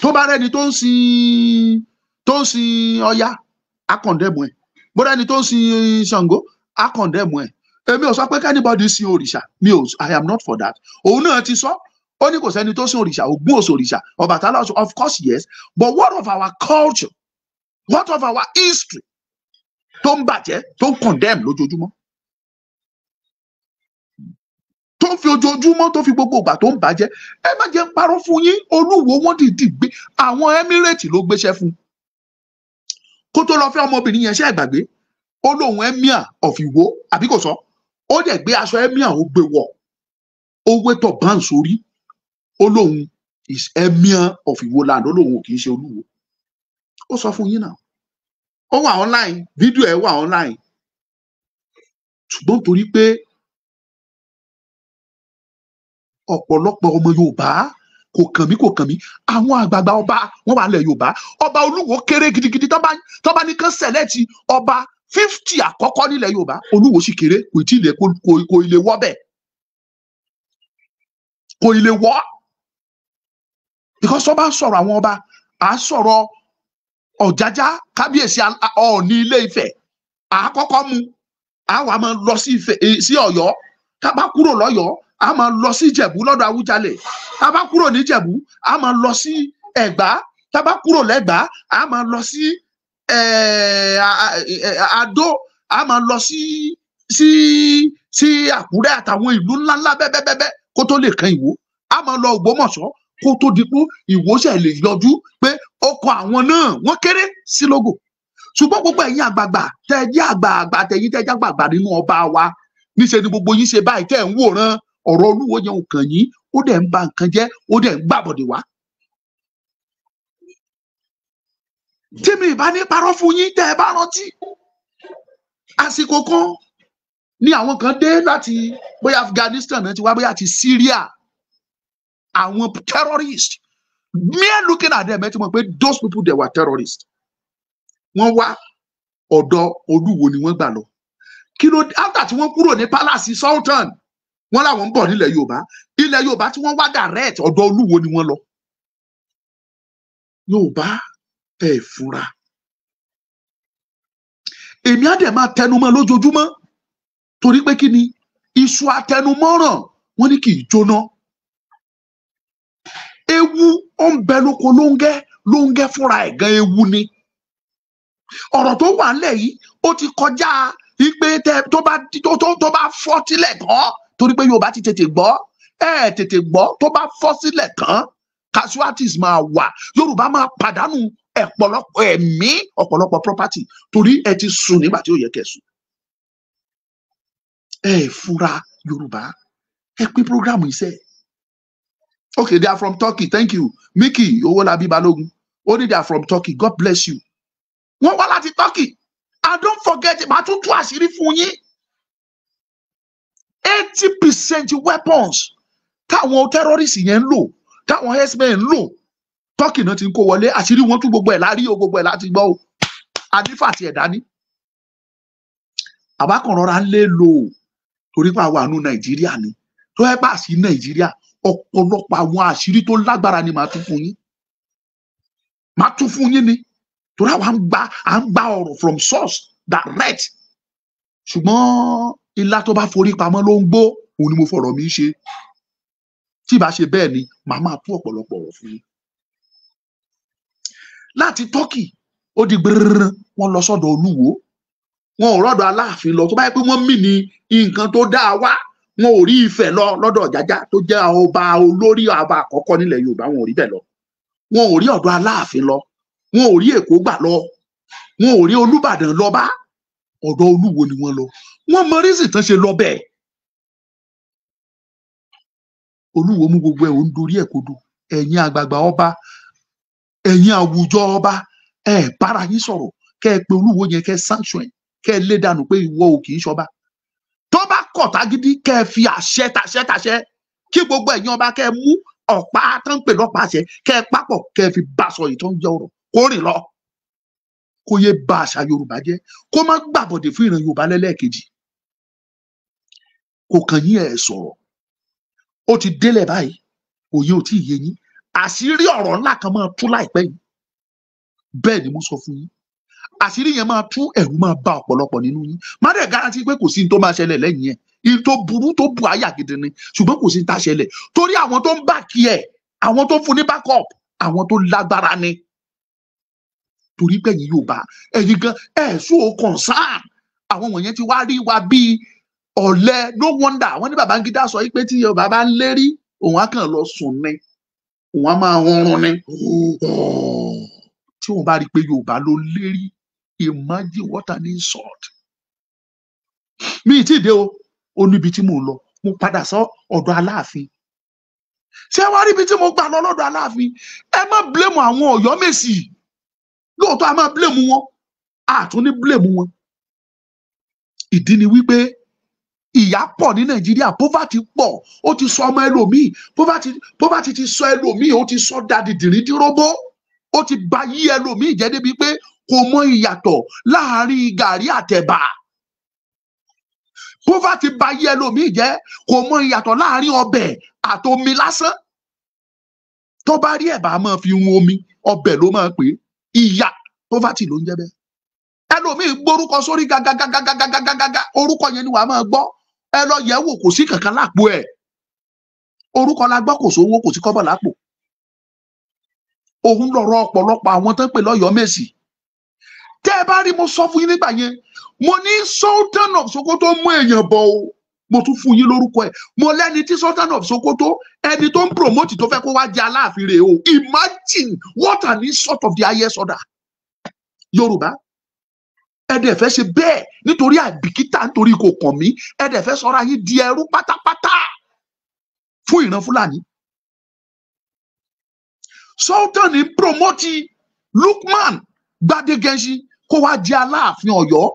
tó bá rẹni tó ń sin tó ń sin Ọya akọ̀ndẹ̀mù ẹ̀ bó rẹni tó ń sin Ṣàngó akọ̀ndẹ̀mù ẹ̀ èmi ò sọ pé kẹ́nìbọ̀dì sin òrìṣà mi ò I am not for that òun náà ti sọ ó ní kò sẹ́ni tó sin òrìṣà Ògún ò sin òrìṣà Ọbàtálá ọ̀sùn of course yes but what of our culture what of our history tó ń bàjẹ́ tó ń condemn lójoojúmọ́ tó ń fi ojoojúmọ́ tó fi gbogbo ìgbà tó ń bàjẹ́ ẹ má jẹ́ ń parọ́ fún yín olúwo wọ́n dìdì gbé àwọn emirate ló gbéṣẹ́ fún kó tó lọ fẹ́ ọmọbìnrin yẹn ṣe àgbàgbé ó lóun emir of Ìwó àbí kò sọ ó dẹ̀ gbé aṣọ emir ó gbé wọ̀ ó wé tọ̀ bán sórí ó lóun is emir of Ìwó land ó lóun ò kì í ṣe olúwo ó sọ fún yín náà ó wà online fídíò ẹ wà online ṣùgbọ́n torí pé ọ̀pọ̀lọpọ̀ ọmọ Yorùbá kò kàn mí kò kàn mí àwọn àgbààgbà ọba wọn wà lẹ̀ Yorùbá ọba Olúwo kéré gidigidi tó bá ní kán sẹ̀lẹ́tì ọba fífítì àkọ́kọ́ nílẹ̀ Yorùbá Olúwo sì kéré kò tí ilé kò ilé wọ́ bẹ́ẹ̀ kò ilé wọ́ because ọba sọ̀rọ̀ àwọn ọba à sọ̀rọ̀ ọ̀jájá kábíyèsí ọ̀ọ̀ni ilé Ifẹ̀ àkọ́kọ́ mu àwa máa lọ sí eh, Ọ̀yọ́ ká bá kúrò lọ́yọ̀ọ́ a máa lọ sí ìjẹ̀bú lọ́dọ̀ awújalè tá a bá kúrò ní ìjẹ̀bú a máa lọ sí ẹ̀gbá tá a bá kúrò lẹ́gbàá a máa lọ sí eh, adó a máa lọ sí sí sí àkúrẹ́ àtàwọn ìlú ńláńlá bẹ́ẹ̀bẹ́ẹ̀bẹ́ kó tó lè kan ìwó a máa lọ ògbómọ̀ṣọ́ kó tó di pé ìwó ṣe lè yọjú pé ọkọ̀ àwọn náà wọ́n kéré sí lógo ṣùgbọ́n gbogbo ẹ̀yin àgbààgbà tẹ̀ àgbààgbà tẹ̀yin tẹ̀ àgbààgbà nínú ọba wa níṣẹ́ ni gbogbo yín ṣe báyìí tẹ̀ ń wòran ọ̀rọ̀ olúwo yẹn ò kàn yín ó dẹ̀ ń ba nǹkan jẹ́ ó dẹ̀ ń gbàbọ̀dè wá. tí ìbá ní parọ́ fún yín tẹ́ ẹ bá rántí àsìkò kan ni àwọn kan dé láti bóyá Afghanistan náà ti wá bóyá ti Syria àwọn terrorists mere looking at them mọ̀ pé those people they were terrorists wọ́n wá ọ̀dọ̀ olúwo ni wọ́n gbà lọ kí ló after tí wọ́n kúrò ní palace sultan wọ́n làwọn ń bọ̀ nílẹ̀ yorùbá ilẹ̀ yorùbá tí wọ́n wá direct ọ̀dọ̀ olúwo ni wọ́n lọ yorùbá ẹ fúnra èmi á dẹ̀ máa tẹnumọ́ lójoojúmọ́ torí pé kí ni iṣu atẹnumọ́ràn wọ́n ní kì í jóná ewu ó ń bẹ lóko lóńgẹ́ lóńgẹ́ fúnra ẹ̀ gan ewu ni ọ̀rọ̀ tó wà ńlẹ̀ yìí ó ti kọjá ipe tó bá fọ́ tilẹ̀ gan torí pé yorùbá ti tètè gbọ́ ẹ tètè gbọ́ tó bá fọ́ sílẹ̀ tán casualties máa wà yorùbá máa pàdánù ọ̀pọ̀lọpọ̀ ẹ̀mí ọ̀pọ̀lọpọ̀ property torí ẹ ti sùn nígbà tí ó yẹ kẹ́ sùn ẹ fura yorùbá ẹ pín program iṣẹ́ okay they are from turkey thank you mickey owolabi balogun ó ní they are from turkey god bless you wọ́n wá láti turkey and don't forget màá tún tú àṣírí fún yín eighty percent weapons táwọn terrorist yẹn ń lò táwọn herdsmen ń lò tọ́kì náà ti ń kó wọlé àṣírí wọn tún gbogbo ẹ̀ lárí o gbogbo ẹ̀ láti gbọ́ o adífà àti ẹ̀dá ní. àwa kan rọra ń lé lò ó torí pé àwa àánú nàìjíríà ni tó ẹ bá sí nàìjíríà ọ̀pọ̀lọpọ̀ àwọn àṣírí tó lágbára ni màá tún fún yín màá tún fún yín ni torí àwa à ń gba ọ̀rọ̀ from source direct ṣùgbọ́n ilá tó bá forí pamọ́ ló ń gbó òun ni mo fọ̀rọ̀ mi ṣe tí ìbá ṣe bẹ́ẹ̀ ni màá máa tú ọ̀pọ̀lọpọ̀ ọ̀rọ̀ fún yín. láti Tọ́kì ó di gbẹrẹrẹ wọn lọ sọ́dọ̀ olúwo wọn ò rọ́dọ̀ aláàfin lọ tó bá yẹ pé wọ́n mì ní nǹkan tó dáa wá wọn ò rí Ifẹ̀ lọ lọ́dọ̀ Jájá tó jẹ́ ọba olórí ọba àkọ́kọ́ nílẹ̀ Yorùbá wọn ò rí bẹ́ẹ̀ lọ wọn ò rí ọ̀dọ̀ aláàfin lọ wọn ò rí Èkó gbà lọ wọn ò rí Olúbàdàn lọ bá ọ̀dọ̀ olúwo ni wọ́n lọ wọ́n mọ rísì tán ṣe lọ bẹ́ẹ̀ olúwo mú gbogbo ẹ̀ ò ń dorí ẹ̀ kodo ẹ̀yin àgbààgbà ọba ẹ̀yin àwùjọ ọba ẹ̀ bára yín sọ̀rọ̀ kẹ́ ẹ pé olúwo yẹn kẹ́ ẹ sanction ẹ̀ kẹ́ ẹ lé dànù pé ìwọ ò kì í ṣọba tó bá kọ̀ tágídí kẹ́ ẹ fi àṣẹ tàṣẹ tàṣẹ kí gbogbo ẹ̀yin ọba kẹ́ ẹ mú ọ̀pá tó pè lọ́pàá àṣẹ kẹ́ ẹ papọ̀ kẹ́ ẹ fi bá yìí tó ń jẹ ọ̀rọ̀ kó rìn lọ kó yé ba àṣà yorùbá jẹ́ kó má gbàbọ̀dè fún ìran yorùbá lẹ́lẹ́ẹ̀kejì kò kàn yín ẹ̀ sọ̀rọ̀ ó ti délẹ̀ báyìí òye ò tí ì yé yín àṣírí ọ̀rọ̀ ńlá kan máa tú láìpẹ́ yìí bẹ́ẹ̀ ni mo sọ fún yín àṣírí yẹn máa tú ẹ̀rù máa bá ọ̀pọ̀lọpọ̀ nínú yín má dẹ̀ garanti pé kò sí ní tó máa ṣẹlẹ̀ lẹ́yìn ẹ̀ in tó burú tó bu àyà gidi ni ṣùgbọ́n kò sí ní tá a ṣẹlẹ̀ torí àwọn tó ń bà kí ẹ̀ àwọn tó fún ní backup àwọn tó lágbára ni torí pé ẹ̀yin yóò bá ẹ̀yin gan ẹ̀ sóò concern àwọn wọ̀nyẹn ti wá rí wa bíi ọ̀lẹ no wonder wọ́n ní Babangida sọ pé tí yorùbá bá ń lérí òun á kàn lọ sùn ni òun á máa rọrùn ni tí òun bá rí i pé yorùbá ló lérí imagine what an insult mi ì tí ì dé o ó níbi tí mò ń lọ mo padà sọ ọ̀dọ̀ aláàfin ṣé wàá rí ibi tí mo gbà lọ lọ́dọ̀ aláàfin ẹ má blame àwọn Ọ̀yọ́mèsì lóòótọ́ a máa blame wọn a tún ní blame wọn ìdí ni wípé ìyà pọ̀ ní nàìjíríà poverty pọ̀ ó ti sọ ọmọ ẹlòmíì poverty poverty ti sọ ẹlòmíì ó ti sọ dadi dìrídìrógbó ó ti ba yí ẹlòmíì jẹ́ débi pé kò mọ ìyàtọ̀ láàrin gàrí àtẹ̀bà poverty ba yí ẹlòmíì jẹ́ kò mọ ìyàtọ̀ láàrin ọbẹ̀ àtomi lásán tó bá rí ẹ̀bà máa fi hun omi ọbẹ̀ ló máa pè é ìyà poverty ló ń jẹ́ bẹ́ẹ̀ ẹlòmíì gbórúkọ sórí gàgàgàgàgàgàgàgà orúkọ yẹn ni wàá máa gbọ́ ẹ lọ yẹ̀ wò kò sí kankan lápò ẹ̀ orúkọ la gbọ́ kò sówó kò sí kọ́bọ̀ lápò òun lọ̀rọ̀ ọ̀pọ̀lọpọ̀ àwọn tó ń pè lọ́yọ̀ọ́ mèsì tẹ́ ẹ bá rí mo sọ fún yín nígbà yẹn mo ní sultan of Sokoto mú èèyàn bọ̀ o mo tún fún yín lórúkọ ẹ̀ mo lẹ́ni tí sultan of Sokoto ẹni tó ń promote tó fẹ́ kó wá jẹ aláàfin rèé o imagine what an insult of the highest order yorùbá ẹ̀dẹ̀ fẹ́ ṣe bẹ́ẹ̀ nítorí àbìkítà nítorí kò kàn mí ẹ̀dẹ̀ fẹ́ sọra yín di ẹrú pátápátá fún ìran fúlàní. sultan ní promoti lukman gbadegensi kó wá jẹ aláàfin ọ̀yọ́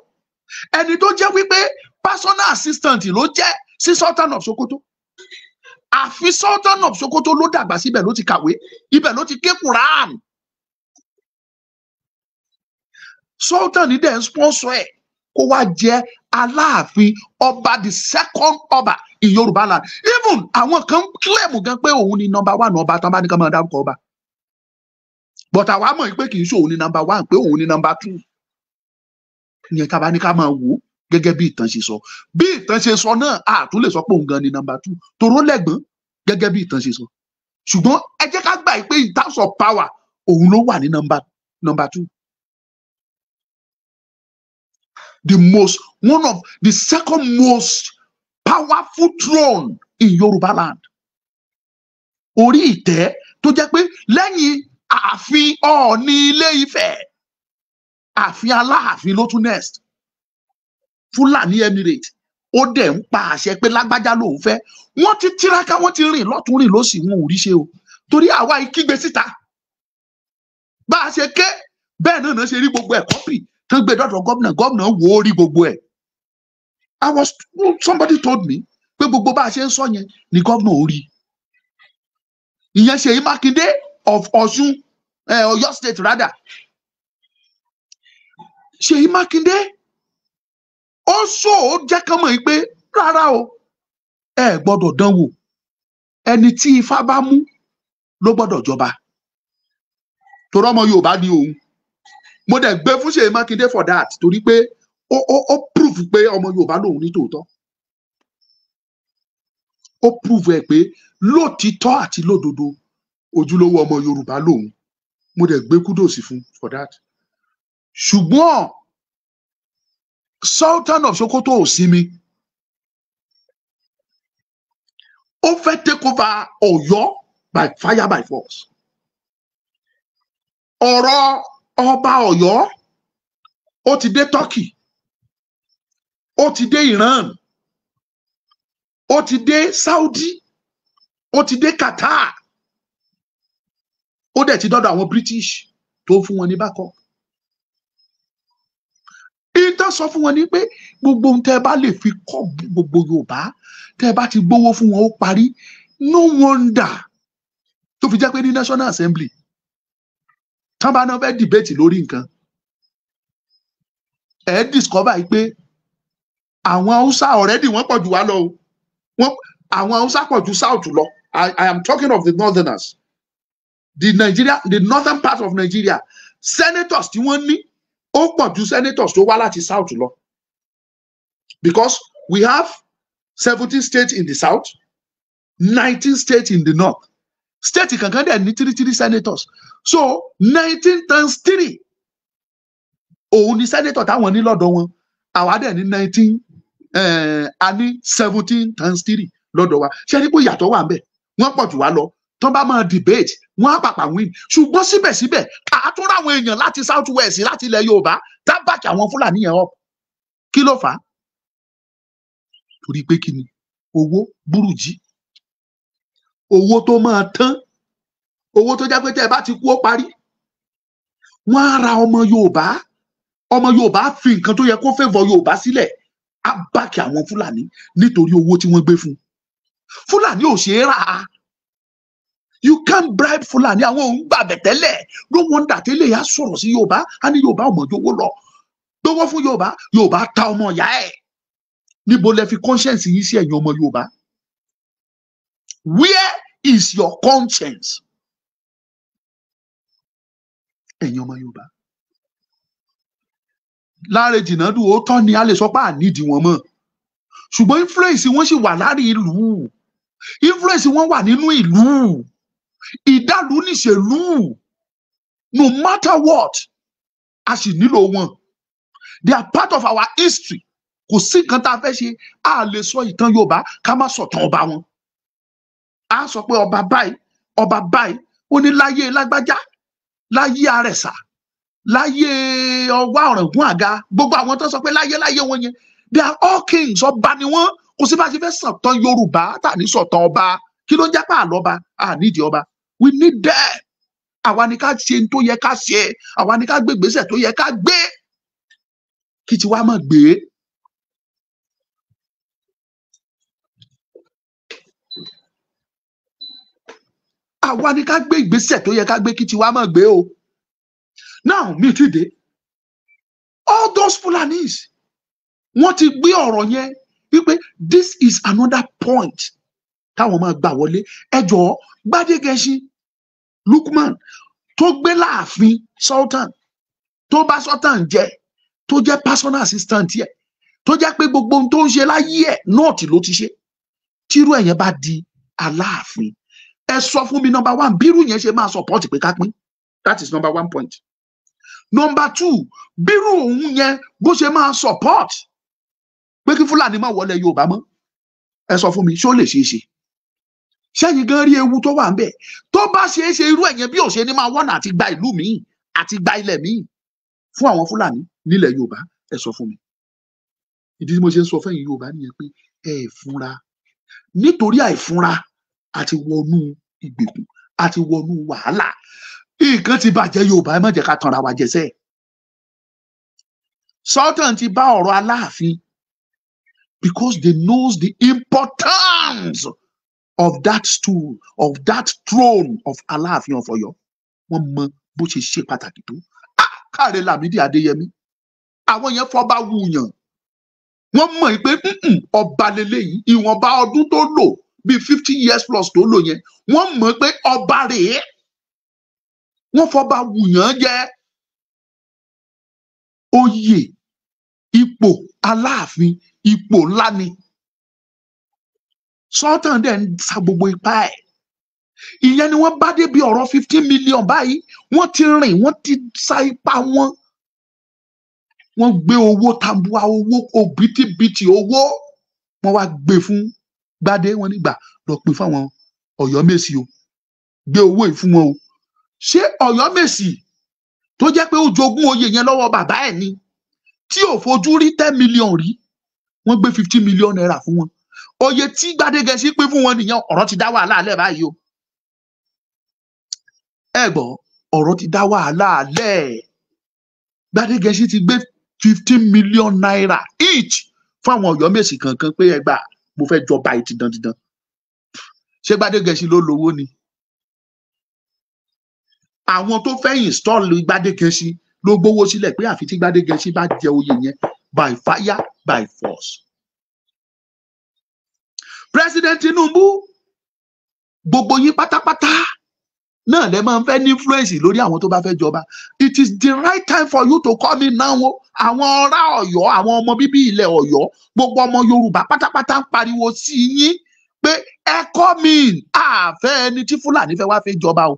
ẹni tó jẹ́ wípé personal assistant ló jẹ́ sí sultan of sokoto àfi sultan of sokoto ló dàgbà síbẹ̀ ló ti kàwé ibẹ̀ ló ti ké quran sultan ní dẹ̀ ń sponsor ẹ̀ kó wá jẹ́ aláàfin ọba the second ọba in yorùbá land even àwọn kan claim gan pé òun ni number one ọba tán bá ní ká máa dárúkọ ọba but àwa mọ̀ pé kì í ṣe òun ni number one pé òun ni number two ìyẹn tá a bá ní ká máa wò ó gẹ́gẹ́ bí ìtàn ṣe sọ bí ìtàn ṣe sọ náà a tún lè sọ pé òun gan ni number two toró lẹ́gbọ̀n gẹ́gẹ́ bí ìtàn ṣe sọ ṣùgbọ́n ẹ jẹ́ ká gbà pé in terms of power òun ló wà ní number number two the most, one of the second most powerful throne in Yoruba land. Orí ìtẹ́ tó jẹ́ pé lẹ́yìn ààfin ọ̀ọ́ni ilé Ifẹ̀ ààfin aláàfin ló tún next Fúlàní emirate ó dẹ̀ ń pa àṣẹ pé lágbájá lòun fẹ́ wọ́n ti tiraka wọ́n ti rìn lọ́tún rìn lọ́sì wọn ò rí ṣe o torí àwa ikígbe síta bá a ṣe ké bẹ́ẹ̀ náà ṣe rí gbogbo ẹ̀ kọ́pì tó gbé dọ́dọ̀ gómìnà gómìnà wò ó rí gbogbo ẹ̀ i was somebody told me pé gbogbo bá a ṣe ń sọ yẹn ni gómìnà ò rí ìyẹn Ṣèyí Mákindé of Ọ̀ṣun eh, Ọ̀yọ́ state rather Ṣèyí Mákindé ó sọ ó jẹ́ kán mọ̀ pé rárá o ẹ gbọ́dọ̀ dánwò ẹni tí ifá bá mú ló gbọ́dọ̀ jọba torọ́mọ Yorùbá ni òun mo dẹ̀ gbé fún Ṣèyí Mákindé for that torí pé ó ó ó prove pé ọmọ Yorùbá lòun ní tòótọ́ ó prove ẹ pé lótìtọ́ àti lódodo ojúlówó ọmọ Yorùbá lòun mo dẹ̀ gbé kúdòsì fún for that ṣùgbọ́n Sultan of Sokoto ò sí mi ó fẹ́ take over Ọ̀yọ́ by fire by force ọ̀rọ̀ ọba Ọ̀yọ́ ó ti dé Turkey ó ti dé Iran ó ti dé Saudi ó ti dé Qatar ó dẹ̀ ti dọ́dọ̀ àwọn British tó fún wọn ní bákọ́ ìtàn sọ fún wọn ni pé gbogbo ohun tẹ́ ẹ bá lè fi kọ́ gbogbo Yorùbá tẹ́ ẹ bá ti gbowó fún wọn ó parí no wonder tó fi jẹ́ pé ní National Assembly tán bá náà fẹ́ dìbẹ́tì lórí nǹkan ẹ̀ discover yìí pé àwọn haúsá already wọ́n pọ̀ jù wá lọ o àwọn haúsá pọ̀ jù south lọ I, I am talking of the northerners the Nigeria the northern part of Nigeria senators tí wọ́n ní ó pọ̀ jù senators tó wá láti south lọ because we have seventeen states in the south nineteen states in the north state kankan dẹ̀ ní three three senators so nineteen times three òun ni sẹ́nẹ́tọ̀ táwọn ní lọ́dọ̀ wọn àwa dẹ̀ ní nineteen eh, a ní seventeen times three lọ́dọ̀ wa ṣé ní kó yàtọ̀ wà bẹ́ẹ̀ wọ́n pọ̀ jù wá lọ tó bá máa debate wọ́n á pàpà win ṣùgbọ́n síbẹ̀síbẹ̀ àtúnrà àwọn èèyàn láti south west láti ilẹ̀ yorùbá tá bàjẹ́ àwọn fúlàní yẹn up kí ló fà á torí pé kí ni owó burújí owó tó máa tán owó tó jẹ́ pé tẹ́ ẹ bá ti kú ó parí wọ́n á ra ọmọ Yorùbá ọmọ Yorùbá fi nǹkan tó yẹ kó fẹ́ vọ Yorùbá sílẹ̀ á báàkì àwọn Fúlàní nítorí owó tí wọ́n gbé fún Fúlàní ò ṣeé rà á you can't bribe Fúlàní àwọn òun gbàgbẹ́ tẹ́lẹ̀ ló wọ́n dà tẹ́lẹ̀ yà sọ̀rọ̀ sí Yorùbá á ní Yorùbá ọmọdé owó lọ gbowó fún Yorùbá Yorùbá ta ọmọ ìyá ẹ̀ níbo lẹ fi conscience yìí sí ẹ̀yin ọmọ Yorùbá where is your conscience? ẹ̀yin ọmọ Yorùbá láre jìnnàdù òótọ́ ni a lè sọ pé ànídìí wọn mọ̀ ṣùgbọ́n influence wọn sì wà lárí ìlú influence wọn wà nínú ìlú ìdàlú níṣèlú no matter what a sì nílò wọn they are part of our history kò sí nǹkan tá a fẹ́ ṣe a lè sọ ìtàn Yorùbá ká má sọ̀tàn ọba wọn a sọ pé ọba báyìí ọba báyìí ó ní láyé lágbájá láyé àrẹ̀sà láyé ọwá ọ̀rẹ̀gún àga gbogbo àwọn tó sọ pé láyé láyé wọn yẹn they are all kings ọba ni wọn kò sí bá a ṣe fẹ́ sọ̀tàn yorùbá tà ní sọ̀tàn ọba kí ló ń jápá àlọ́ba ànídìí ọba we need them àwa ni ká ṣe tó yẹ ká ṣe àwa ni ká gbé gbèsè tó yẹ ká gbé kí tiwa máa gbé àwa ni ká gbé ìgbésẹ̀ tó yẹ ká gbé kí tiwa máa gbé o now mi ti dé all those Fulanis wọ́n ti gbé ọ̀rọ̀ yẹn wípé this is another point táwọn máa gbà wọlé ẹjọ Gbádégẹṣin Lukman tó gbé láàfin Sultan tó bá Sultan jẹ tó jẹ personal assistant yẹ tó jẹ pé gbogbo ohun tó ń ṣe láyé ẹ náà tí ló ti ṣe tírú ẹyẹn bá di Aláàfin ẹ sọ fún mi number one bírú yẹn ṣe máa support pé ká pín that is number one point number two bírú òun yẹn bó ṣe máa support pé kí fúlàní má wọlé yorùbá mọ́ ẹ sọ fún mi ṣó lè ṣeé ṣe sẹ́yìn gan rí ewu tó wà ń bẹ̀ tó bá ṣeé irú ẹ̀yẹn bí òṣè ni máa wọ́nà àti gba ìlú míì àti gba ilẹ̀ míì fún àwọn fúlàní nílẹ̀ yorùbá ẹ sọ fún mi ìdí tí mo ṣe ń sọ fẹ́yìn yorùbá nìyẹn pé ẹ ẹ fúnra nítorí àìfúnra a ti wọnú ìgbèkùn a ti wọnú wàhálà nǹkan ti bàjẹ́ yorùbá ẹ má jẹ́ ká tanra wa jẹsẹ́ sultan ti bá ọ̀rọ̀ aláàfin because they knows the importance of that stool of that throne of aláàfin of Ọ̀yọ́ wọ́n mọ bó ṣe ṣe pàtàkì tó ah! káre Lámídì Adéyẹmí àwọn yẹn fọba wuyàn wọ́n mọ̀ pé ọba lélẹyìí ìwọ̀nba ọdún tó lò bíi fifty years plus tó lò yẹn wọ́n mọ̀ pé ọba rèé wọ́n fọba wùyàn jẹ oyè ipò aláàfin ipò ńlá ni sultan dẹ̀ ń sa gbogbo ipá ẹ̀ ìyẹn ni wọ́n bá débi ọ̀rọ̀ fifteen million báyìí wọ́n ti rìn wọ́n ti sa ipá wọn wọ́n gbé owó tambua owó òbítíbitì owó wọ́n wá gbé fún gbadé wọn nígbà lọ pin fáwọn Ọ̀yọ́mèsì o gbé owó yìí fún wọn o ṣé Ọ̀yọ́mèsì tó jẹ́ pé ó jogún oyè yẹn lọ́wọ́ bàbá ẹ̀ ni tí ò fojú rí ten million rí wọ́n gbé fifteen million naira fún wọn oyè tí Gbádégẹṣin pín fún wọn nìyẹn ọ̀rọ̀ ti dá wàhálà alẹ́ báyìí o ẹ gbọ́ ọ̀rọ̀ ti dá wàhálà alẹ́ Gbádégẹṣin ti gbé fifteen million naira each fún àwọn Ọ̀yọ́mèsì kankan pé ẹ gbà mo fẹ́ jọba ìtìdán dìdán ṣé gbádégẹṣin ló lówó ni àwọn tó fẹ́ install gbádégẹṣin ló gbowó sílẹ̀ pé àfi tí gbádégẹṣin bá jẹ oyè yẹn by fire by force. president Tinubu gbogbo yín pátápátá náà lẹ máa ń fẹ́ ní influence lórí àwọn tó bá fẹ́ jọba it is the right time for you to come in now o àwọn ọ̀rá ọ̀yọ́ àwọn ọmọ bíbí ilẹ̀ ọ̀yọ́ gbogbo ọmọ yorùbá pátápátá ń pariwo sí yín pé ẹ come in àfẹ́ ẹni tí fúlàní fẹ́ wá fẹ́ jọba o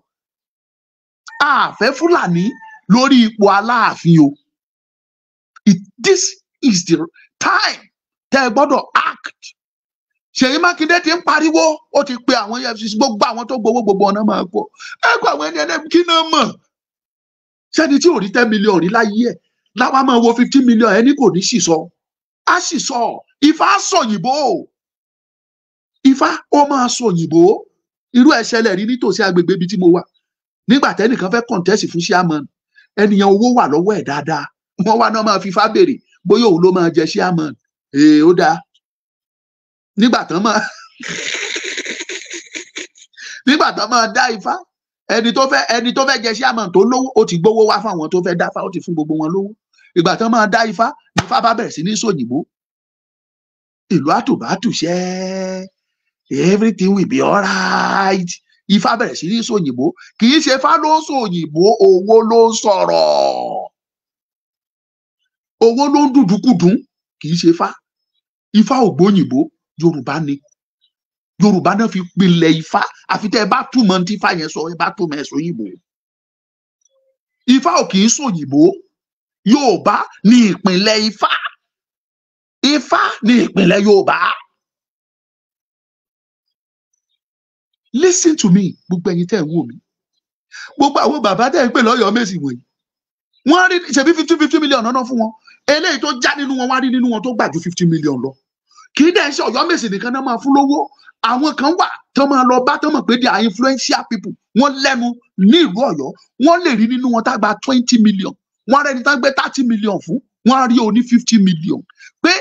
àfẹ́ fúlàní lórí ipò aláàfin o this is the time tẹ́ ẹ act Ṣèyí Mákindé ti ń pariwo ó ti pe àwọn EFCC gbogbo àwọn tó gbowó gbogbo ọ̀nà máa kó ẹ kó àwọn ẹni ẹni kí náà mọ̀ sẹ́ni tí ò rí ten million rí láyé ẹ̀ láwa máa wo fifteen million ẹni kò ní sì sọ á sì sọ Ifá sọ òyìnbó Ifá ó máa sọ òyìnbó irú ẹ̀ ṣẹlẹ̀ rí nítòsí agbègbè ibi tí mo wà nígbà tẹ́nìkan fẹ́ kọ̀ǹtẹ́sì fún chairman ẹnìyàn owó wà lọ́wọ́ ẹ̀ dáadáa wọ́n wá náà máa fi Ifá béèrè bóyá òun ló máa jẹ chairman èè ó dáa nígbà tán máa nígbà tán máa dá ifá ẹni tó fẹ́ ẹni tó fẹ́ jẹ sí àmọ́ tó lówó ó ti gbówó wá fáwọn tó fẹ́ dáfá ó ti fún gbogbo wọn lówó ìgbà tán máa dá ifá ifá bá bẹ̀rẹ̀ sí ní sòyìnbó ìlú àtùbátùṣẹ́ everything will be alright ifá bẹ̀rẹ̀ sí ní sòyìnbó kì í ṣe fá ló ń sòyìnbó owó ló ń sọ̀rọ̀ owó ló ń dùdúkùdùn kì í ṣe fá ifá ògbóyìnbó yorùbá ni yorùbá náà fi pilẹ̀ ifá àfi tẹ́ ẹ bá túmọ̀ ní tífá yẹn sọ ẹ bá túmọ̀ ẹ sọ òyìnbó ifá ò kì í sòyìnbó yorùbá ni ìpìlẹ̀ ifá ifá ni ìpìlẹ̀ yorùbá. listen to me gbogbo ẹ̀yin tẹ́ ẹ ń wò mí gbogbo àwọn bàbá tẹ́ ẹ ń pè lọ́yọ̀ọ́ mẹ́sì wọ̀nyí wọ́n rí ṣebí fifty fifty million náà fún wọn eléyìí tó já nínú wọn wá rí nínú wọn tó gbà fifty million lọ kì í dẹ̀ ṣe ọ̀yọ́ mèsì nìkan náà máa fún lówó àwọn kan wà tó máa lọ bá tó mọ̀ pé they are influential people wọ́n lẹ́nu ní ìlú ọ̀yọ́ wọ́n lè rí nínú wọn tá gba twenty million wọ́n rẹ́ni tá gbé thirty million fún wọ́n rí oní fifty million pé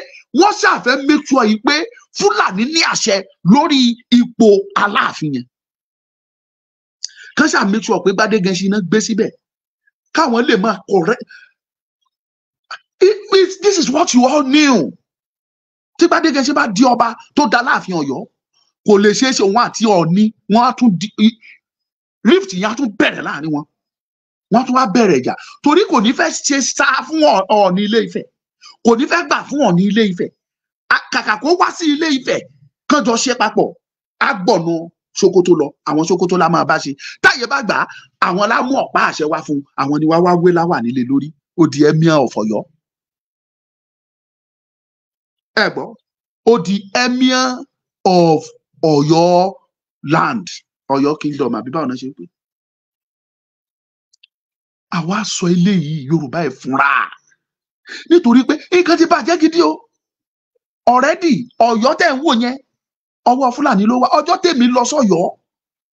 wọ́n ṣàfẹ́ make sure yìí pé fúlàní ní àṣẹ lórí ipò aláàfin yẹn kán ṣáà make sure pé gbadégẹṣin náà gbé síbẹ̀ káwọn lè máa correct this is what you all knew tí Gbádégẹṣin bá di ọba tó da láàfin Ọ̀yọ́ kò lè ṣeé ṣe òun àti Ọọ̀ni wọn á tún di rift yẹn á tún bẹ̀rẹ̀ láàrin wọn wọn á tún wá bẹ̀rẹ̀ ìjà torí kò ní fẹ́ ṣe sá fún Ọọ̀ni Ilé Ifẹ̀ kò ní fẹ́ gbà fún Ọọ̀ni Ilé Ifẹ̀ kàkà kó wá sí Ilé Ifẹ̀ kánjọ ṣe papọ̀ á gbọ̀nù Sokoto lọ àwọn Sokoto la máa bá ṣe táyé bá gbà àwọn lámú ọ̀pá àṣẹ wá fún àwọn ni wá wá wé láwà nílé lórí ó di Emir of ẹ gbọ́ ó di emir of Ọ̀yọ́ land Ọ̀yọ́ kingdom àbí báwọn náà ṣe ń pè àwa sọ eléyìí Yorùbá ẹ fúnra nítorí pé nǹkan ti bàjẹ́ gidi o ọ̀rẹ́dì Ọ̀yọ́ tẹ̀ ń wò yẹn ọwọ́ Fúlàní ló wá ọjọ́ tèmi lọ sọ́yọ́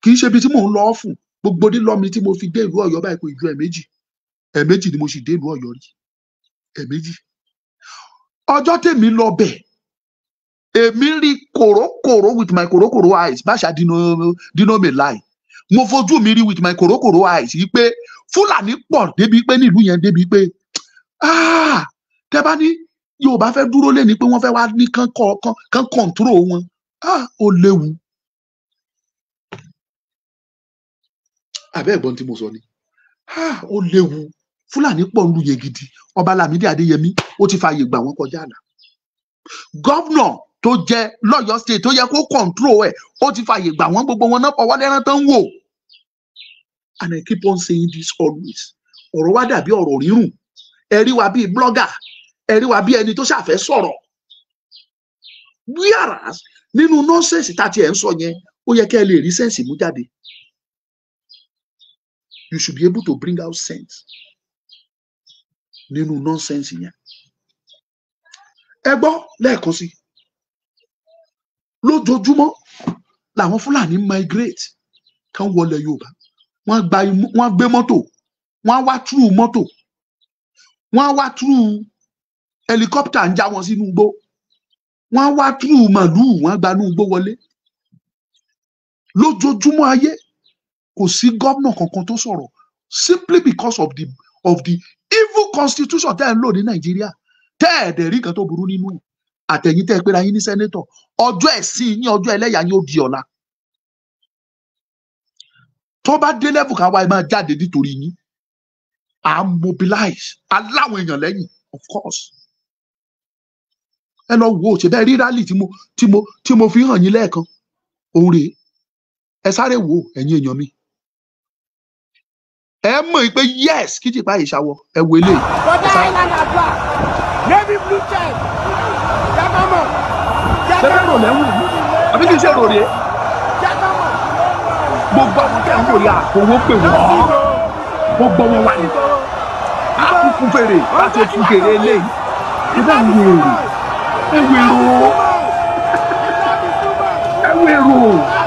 kì í ṣe ibi tí mò ń lọ fún gbogbo lílọ́mi tí mo fi dé ìlú Ọ̀yọ́ báyìí kò ju ẹ̀ẹ̀mejì ẹ̀ẹ̀mejì ni mo sì dé ìlú Ọ̀yọ́ rí ẹ̀ẹ̀mejì ọjọ́ tèmi lọ bẹ̀ èmi rí kòrókòró with my kòrókòró eyes báṣà dinome lie mo fojú mi rí with my kòrókòró eyes yìí pé fúlàní pọ̀ débi pé nílùú yẹn débi pé ah, tẹ bá ní yorùbá fẹ́ dúró lé ní pé wọ́n fẹ́ wá ní kán kọ̀ọ̀kan kán kọ̀ǹtúrò wọn ah, ó léwu àbẹ́ ẹ̀gbọ́n tí mo sọ ni ah, ó léwu fúlàní pọ̀ ń lu yẹn gidi ọba lámìdí adéyẹmí ó ti fààyè gbà wọ́n kọjá àlà gọ́vnọ̀ tó jẹ lọ́yọ̀ state tó yẹ kó control ẹ̀ ó ti fààyè gbà wọ́n gbogbo wọn náà fọwọ́ lẹ́rán tán ń wò and I keep on saying this always ọ̀rọ̀ wa dàbí ọ̀rọ̀ rírùn ẹ rí wa bíi blogger ẹ rí wa bíi ẹni tó ṣàfẹ́ sọ̀rọ̀ whereas nínú nọ́ọ̀sẹ̀sì tá a ti ẹ̀ ń sọ yẹn ó yẹ kẹ́ ẹ lè rí sẹ́ǹsì mú jáde you should be able to bring out sense nínú nọ́nsẹ̀nsì yẹn ẹ gbọ́ lẹ́ẹ̀kan sí lójoojúmọ́ làwọn fúlàní migrate kan wọlé yorùbá wọ́n gba wọ́n gbé mọ́tò wọ́n wá túrú mọ́tò wọ́n wá túrú helicopter ń já wọn sínú igbó wọ́n wá túrú màlúù wọ́n gba inú igbó wọlé lójoojúmọ́ ayé kò sí gómìnà kankan tó sọ̀rọ̀ simply because of the of the evil constitution tẹ́ ẹ̀ ń lò ní nàìjíríà tẹ́ ẹ̀ dẹ̀ rí nǹkan tó burú nínú ẹ̀ àtẹ̀yìn tẹ́ ẹ pera yín ní sẹ́nétọ̀ ọjọ́ ẹ̀sìn yín ọjọ́ ẹlẹ́yà yín ó di ọ̀la tó bá dé level káwa ẹ máa jáde nítorí yín à ń mobilize aláwọn èèyàn lẹ́yìn of course ẹ lọ wo ṣe bẹ́ẹ̀ rí rally tí mo tí mo tí mo fi hàn yín lẹ́ẹ̀kan òun rèé ẹ sáré wo ẹ̀yin èèyàn mi ẹ mọ̀ pé yes kí jìpá yìí ṣàwọ̀ ẹ wo eléyìí. bọ́dá island àgbà navy blue check jákàmọ̀ jákàmọ̀ lẹ́wọ̀n àbí kì í ṣe ròrí ẹ. mo. gbogbo àwọn tẹ̀ ń wòye àkówó pè wọ́n gbogbo wọn wà ní. àkùkù fèrè láti fún fèrè eléyìí ibà ń wèrò ẹ wèrò ẹ wèrò.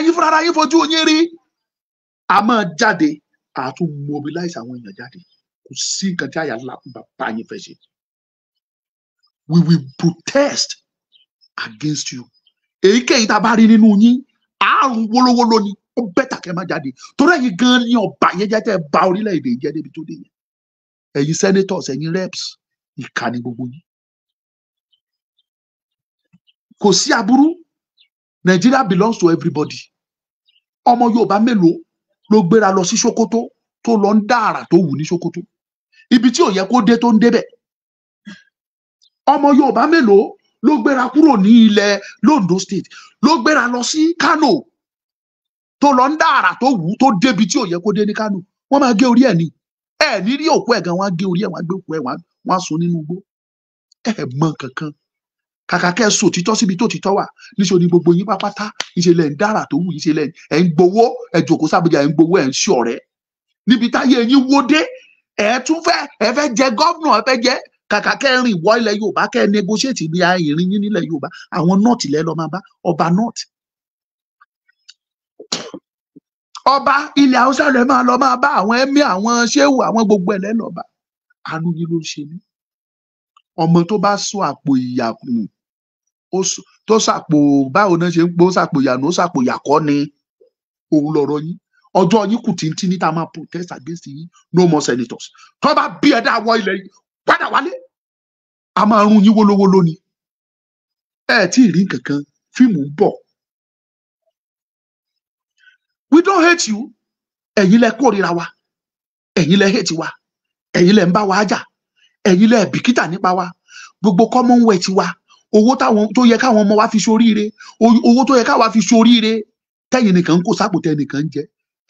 ẹ̀yin fúnra ara yín fojú yín rí a máa jáde àtún mobilize àwọn èèyàn jáde kò sí nǹkan tí àyà bàbá yín fẹ́ ṣe we will protest against you èyíkéyìí tá a bá rí nínú yín àrùn wólówóló ni ó bẹ́tà kẹ́ má jáde torí ẹ̀yin gan ni ọba yẹn jẹ́ tẹ́ ba orílẹ̀-èdè jẹ́ débi tó dé yẹn ẹ̀yin senators ẹ̀yin reps ìkànnì gbogbo yín kò sí aburú Nigeria belongs to everybody ọmọ Yorùbá mélòó ló gbéra lọ sí Sokoto tó lọ ń dá àrà tó wù ní Sokoto ibi tí ò yẹ kó dé tó ń débẹ̀ ọmọ Yorùbá mélòó ló gbéra kúrò ní ilẹ̀ Londo state ló gbéra lọ sí Kano tó lọ ń dá àrà tó wù tó débi tí ò yẹ kó dé ní Kano wọ́n máa gé orí ẹ̀ ni ẹ ní rí òkú ẹ̀ gan wọ́n á gé orí ẹ̀ wọ́n á gbé òkú ẹ̀ wọ́n á sùn nínú igbó ẹ mọ̀ kankan kàkà kẹ́ ẹ sọ òtítọ́ síbi tó òtítọ́ wà níṣẹ́ ni gbogbo yín pápátá ìṣẹ̀lẹ̀ ń dára tó wù yín ṣẹlẹ̀ ẹ̀ ń gbowó ẹ̀ jòkó sábẹ́jà ẹ̀ ń gbowó ẹ̀ ń ṣe ọ̀rẹ́ níbi táyé yín wó dé ẹ̀ tún fẹ́ ẹ̀ fẹ́ jẹ gọ́vnà ẹ̀ fẹ́ jẹ kàkà kẹ́ rìn wọ ilẹ̀ Yorùbá kẹ́ negotiate bí ìrìn yín nílẹ̀ Yorùbá àwọn north ilẹ̀ lọ́ọ́ máa bá ọba north ọba ilẹ̀ haúsá rẹ̀ máa lọ máa bá àwọn ẹ̀mí àwọn ṣéwù àwọn gbogbo ẹ̀lẹ́ lọ́ba àánú yín ló ṣe ní ọmọ tó bá sọ àpò ìyàkùn tó sàpò báwo náà ṣe ń pé ó sàpò ìyànà ó sàpò ìyàkọ́ ni òun lọ̀rọ̀ yín ọjọ́ yín kù tìǹtì níta máa protest against yín no more senators tó bá bí ẹ̀dá wọ ilẹ̀ yìí padà wálé a máa run yín wólówó lónìí ẹ tí ì rí kankan fíìmù ń bọ̀ we don't hate you ẹ̀yin lẹ kórìíra wa ẹ̀yin lẹ hate wa ẹ̀yin lẹ ń bá wa jà ẹ̀yin lẹ bìkítà nípa wa gbogbo commonwealth wa owó táwọn tó yẹ káwọn ọmọ wa fi ṣoríire owó tó yẹ káwa fi ṣoríire tẹ̀yin nìkan ń kó sápò tẹnìkan ń jẹ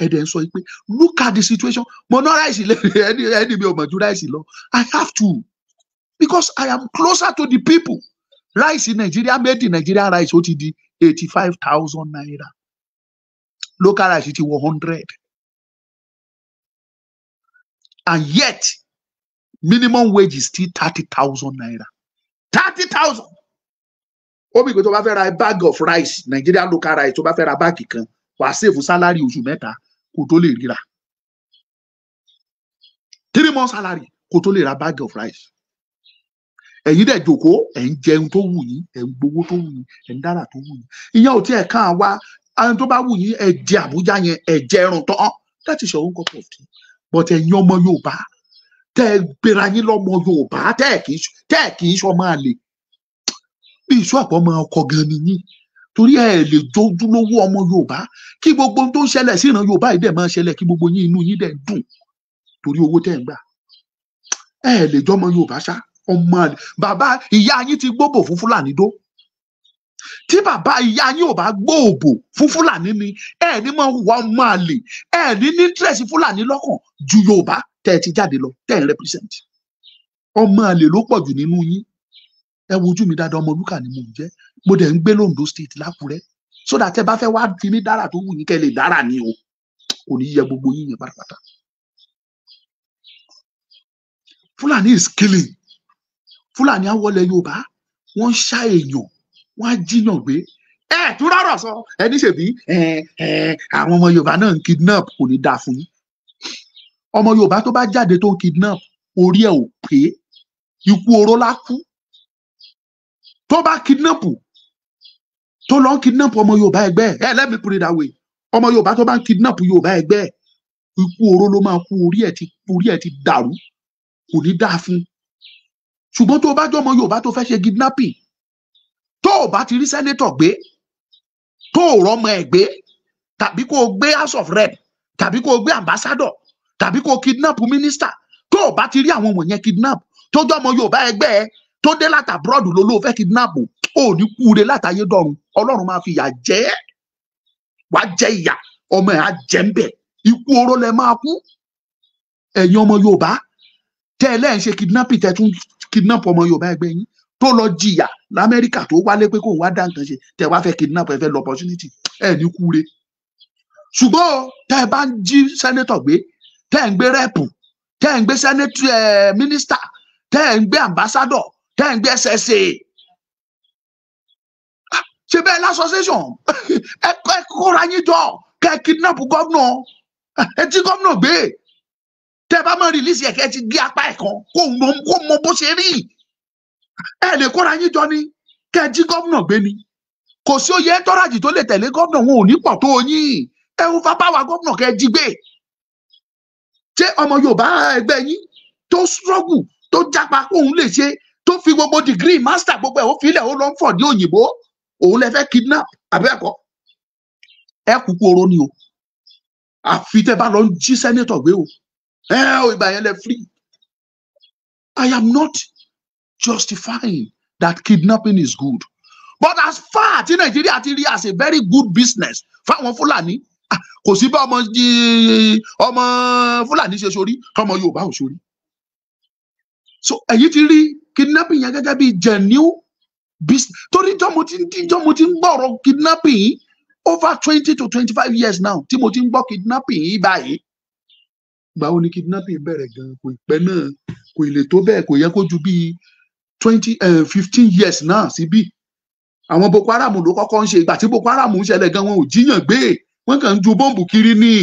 ẹdẹ ń sọ pé look at the situation mo ná ráìsì lẹ́yìn ẹni ẹni mi ò mọ̀ ráìsì lọ I have to because I am closer to the people ráìsì Nàìjíríà méjì Nàìjíríà ráìsì ó ti di eighty five thousand naira local rice ti wọ hundred and yet minimum wage is still thirty thousand naira thirty thousand ó bìí pé tó bá fẹ́ ra bag of rice Nigeria local rice tó bá fẹ́ ra báàgì kan wàá sèfù sálárì oṣù mẹ́ta kó tó lè ríra three months salary kó tó lè ra bag of rice ẹ̀yin dẹ̀ jòkó ẹ̀ ń jẹun tó wù yín ẹ̀ ń gbowó tó wù yín ẹ̀ ń dára tó wù yín ìyẹn ò tí ẹ̀ kàn wá àwọn tó bá wù yín ẹ̀ jẹ àbújá yẹn ẹ̀ jẹ ẹrùn tán láti ṣe òun kọpọ̀ tí but ẹ̀yin ọmọ Yorùbá tẹ́ ẹ gbéra yín lọ́mọ Yorùbá tẹ́ ẹ kì í ṣọmọ àlè bí ìṣọ́ọ̀pọ̀ ọmọ ọkọ̀ gan ni yín torí ẹ lè jójúlówó ọmọ yorùbá kí gbogbo tó ń ṣẹlẹ̀ sí ìran yorùbá yìí dẹ̀ máa ṣẹlẹ̀ kí gbogbo yín inú yín dẹ̀ ń dùn torí owó tẹ̀ ń gbà ẹ lè jọmọ yorùbá ṣá ọmọ àlè bàbá ìyá yín ti gbóbò fún fúlàní dó tí bàbá ìyá yín ò bá gbóòbò fún fúlàní ni ẹ ní mọ wà ọmọ àlè ẹ ní ní tírẹsì fúlàní lọ́kàn ju yorùbá tẹ ẹ ti jáde lọ tẹ ẹ represent ọmọ àlè ló pọ̀ jù nínú yín ẹ wojú mi dáadáa ọmọlúkà ni mò ń jẹ́ mo dẹ̀ ń gbé londo state lákùrẹ́ so that ẹ bá fẹ́ wá fi mí dára tó wù yín kẹ́ lè dára ni o kò ní yẹ gbogbo yín yẹn pátápátá Fulani is killing Fulani, àwọlẹ̀ yorùbá wọ́n ń ṣá èèyàn wọ́n á jiyàn gbé ẹ tún rọrọ sọ ẹni ṣèbí ẹ ẹ àwọn ọmọ yorùbá náà ń kidnap kò ní dáa fún yín ọmọ yorùbá tó bá jáde tó ń kidnap orí ẹ ò pé ikú oró la tó bá kidnap tó lọ ń kidnap ọmọ yorùbá ẹgbẹ́ ẹ let me put it that way ọmọ yorùbá tó bá ń kidnap yorùbá ẹgbẹ́ ikú oró ló máa kú orí ẹ̀ ti orí ẹ̀ ti dàrú kò ní dáa fún ṣùgbọ́n tó o bá jọmọ yorùbá tó fẹ́ ṣe kidnapping tó o bá ti rí sẹ́nétọ̀ gbé tó o rọmọ ẹ̀ gbé tàbí kó o gbé house of rep tàbí kó o gbé ambassador tàbí kó o kidnap minister tó o bá ti rí àwọn wọ̀nyẹn kidnap tó jọmọ yorùbá ẹgbẹ́ ẹ tó dé láti abroad ló ló fẹ́ kidnap ò ní kúure látàyé dọ̀run ọlọ́run máa fi ìyà jẹ ẹ́ wàá jẹ ìyà ọmọ ẹ̀ á jẹ ń bẹ̀ ikú oró lẹ máa kú ẹ̀yin ọmọ yorùbá tẹ́ ẹ lẹ́yìn ṣe kidnapping tẹ́ tún kidnap ọmọ yorùbá ẹgbẹ́ yín tó lọ jìyà lamẹ́ríkà tó wálé pé kóun wá dá nǹkan ṣe tẹ́ wá fẹ́ kidnap ẹ fẹ́ lọ opportunity ẹ ní kúure ṣùgbọ́n tẹ́ ẹ bá ń jí sẹ́nétọ̀ gbé tẹ́ ẹ ń gbé rẹ́pù tẹ́ ẹ ń gbé sẹ́nétọ̀ eh, mínísítà tẹ́ ẹ ń gbé àmbásádọ̀ tẹ́ ń gbẹ́sẹ̀ ṣe ah, ṣe bẹ́ẹ̀ l'association ẹ kóra yín jọ kẹ́ kidnap gómìnà ẹ ti gómìnà gbé tẹ́ bá máa rìlísì ẹ̀ kẹ́ ti gé apá ẹ̀ kan kó mọ bó ṣe rí ẹ lè kóra yín jọ ni kẹ́ jí gómìnà gbé ni kò sí oyè ẹtọ́rajì tó lè tẹ̀lé gómìnà wọn ò ní pọ̀ tó yín ẹ ń fa báwa gómìnà kẹ́ jí gbé ṣé ọmọ Yorùbá ẹgbẹ́ yín tó struggle tó jápa kóun lè ṣe tó fi gbogbo dìgírì mástà gbogbo ẹ̀ ó filẹ̀ ó lọ ń fọ̀ ní òyìnbó òun lè fẹ́ kidnap àbẹ́ẹ̀kọ́ ẹ kúkú oró ni o àfi bá lọ ń jí sẹ́nẹ́tọ̀ gbé o ẹ ò ìgbà yẹn lẹ free I am not justifying that kidnapping is good but as far ti Nigeria ti rí as a very good business fáwọn Fúlàní ah, kò sí bá ọmọ ọmọ ṣe sórí kọ́mọ Yorùbá ò sórí so ẹ̀yin ti rí kidnapping yẹn gẹ́gẹ́ bí genuine business torí jọ́ mo ti ń díjọ́ mo ti ń gbọ́ kidnapping over twenty to twenty-five years now tí mo ti ń gbọ́ kidnapping yìí báyìí ìgbà wo ni kidnapping bẹ̀rẹ̀ gan kò pẹ́ náà kò lè tó bẹ́ẹ̀ kò yẹ kó ju bíi twenty eh, fifteen years náà síbí àwọn Boko Haram ló kọ́kọ́ ń ṣe ìgbà tí Boko Haram ń ṣẹlẹ̀ gan wọn ò jíyàn gbé wọn kàn ń ju bọ́ǹbù kiri níì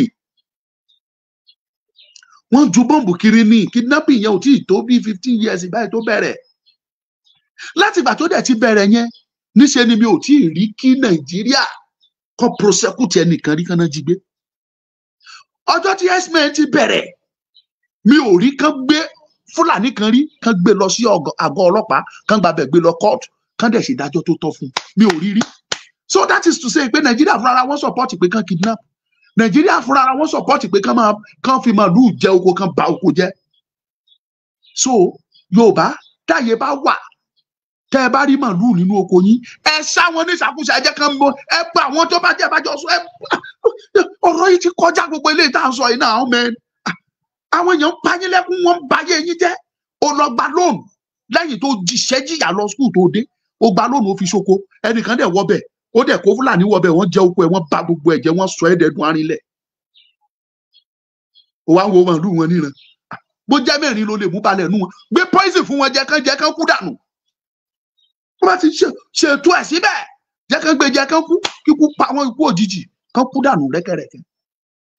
wọ́n ju bọ́ǹbù kiri ní kidnapping yẹn ò tí ì tó bí fifteen years báyìí tó bẹ̀rẹ̀ láti ìgbà tó dẹ̀ ti bẹ̀rẹ̀ yẹn níṣẹ́ ni mi ò tí ì rí kí nàìjíríà kọ́ prosecute ẹnìkan rí kaná jí gbé ọjọ́ tí x ti bẹ̀rẹ̀ mi ò rí kán gbé fúlàní kan rí kán gbé lọ sí àgọ́ ọlọ́pàá kán gbàbẹ̀ gbé lọ court kán dẹ̀ ṣèdájọ́ tó tọ́ fún mi ò rí rí so that is to say pé nàìjíríà fúnra wọn support pé kán kidnap nàìjíríà fúnra wọn sọpọ́tì pé kán fi màálù jẹ oko kán ba oko jẹ so yorùbá táyé bá wà tẹ ẹ bá rí màálù nínú oko yín ẹ sá wọn ní ìsàkóso ẹ jẹ kán bọ ẹ bá àwọn tó bá jẹ ẹ bá jọ sọ ẹ ọ̀rọ̀ yìí ti kọjá gbogbo eléyìí tá à ń sọ yìí náà àwọn mẹ́rin àwọn èèyàn ń payín lẹ́kún wọn ń bayé yín jẹ́ ó lọ gba lóònù lẹ́yìn tó ṣẹ́jìyà lọ skul tó dé ó gba lóònù ó fi ṣoko ẹnìkan dẹ̀ wọ bẹ́ẹ̀ ó dẹ̀ kó fúlàní wọbẹ̀ wọ́n jẹ oko ẹ̀ wọ́n ba gbogbo ẹ̀jẹ̀ wọ́n sọ ẹ̀dẹ̀dùn arinlẹ̀ ó wá ń wo màálù wọn níran bó jẹ́ mẹ́rin ló lè mú balẹ̀ nù wọn gbé poison fún wọn jẹ́ kán jẹ́ kán kú dànù wọ́n bá ti ṣètò ẹ̀ síbẹ̀ jẹ́ kán gbé jẹ́ kán kú kíkú pa wọn ikú òjijì kán kú dànù rẹ́kẹ̀rẹ́kẹ̀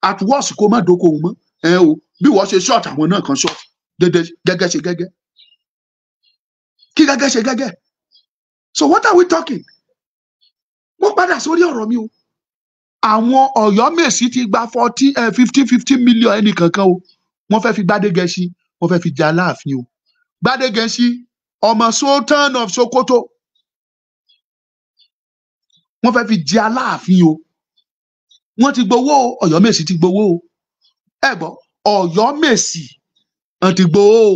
at worst kó má dóko òun mọ́ ẹ o bí wọ́n ṣe short àwọn náà kan short gẹ́gẹ́ ṣe gẹ́gẹ́ kí gẹ́gẹ́ ṣe gẹ́gẹ́ so what are we talking mo padà sórí ọ̀rọ̀ mi o àwọn Ọ̀yọ́mèsì ti gba fourteen eh, fifteen fifteen million ẹnì kankan o wọ́n fẹ́ẹ́ fi Gbádégẹṣin wọ́n fẹ́ẹ́ fi jẹ Aláàfin o Gbádégẹṣin ọmọ Sultan of Sokoto wọ́n fẹ́ẹ́ fi jẹ Aláàfin o wọ́n ti gbowó o Ọ̀yọ́mèsì ti gbowó o ẹ gbọ́ Ọ̀yọ́mèsì wọ́n ti gbowó o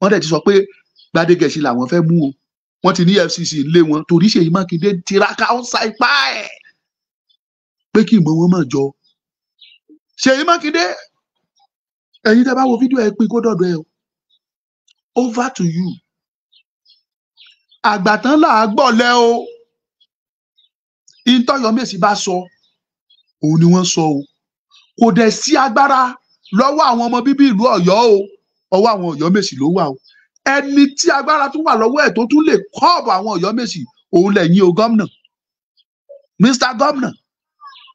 wọ́n dẹ̀ ti sọ pé Gbádégẹṣin làwọn fẹ́ mú o wọ́n ti ní EFCC lé wọn torí Ṣèyí Mákindé tiraka ó sa ipá ẹ̀ pé kí ìmọ̀ wọn mọ̀ jọ Ṣèyí Mákindé ẹ̀yin tẹ́ bá wo fídíò ẹ̀ pin kó dọ̀dọ̀ ẹ̀ o over to you àgbàtán là á gbọ́ lẹ́ o ìtọ́yọmẹ̀sì bá sọ òun ni wọ́n sọ o kò dẹ̀ sí agbára lọ́wọ́ àwọn ọmọ bíbí ìlú Ọ̀yọ́ o ọwọ́ àwọn Ọ̀yọ́ ló wà o ẹni tí agbára tún wà lọ́wọ́ ẹ̀ tó tún lè kọ́ọ̀bù àwọn Ọ̀yọ́ òun lẹ́yìn o gómìnà Mr gómìnà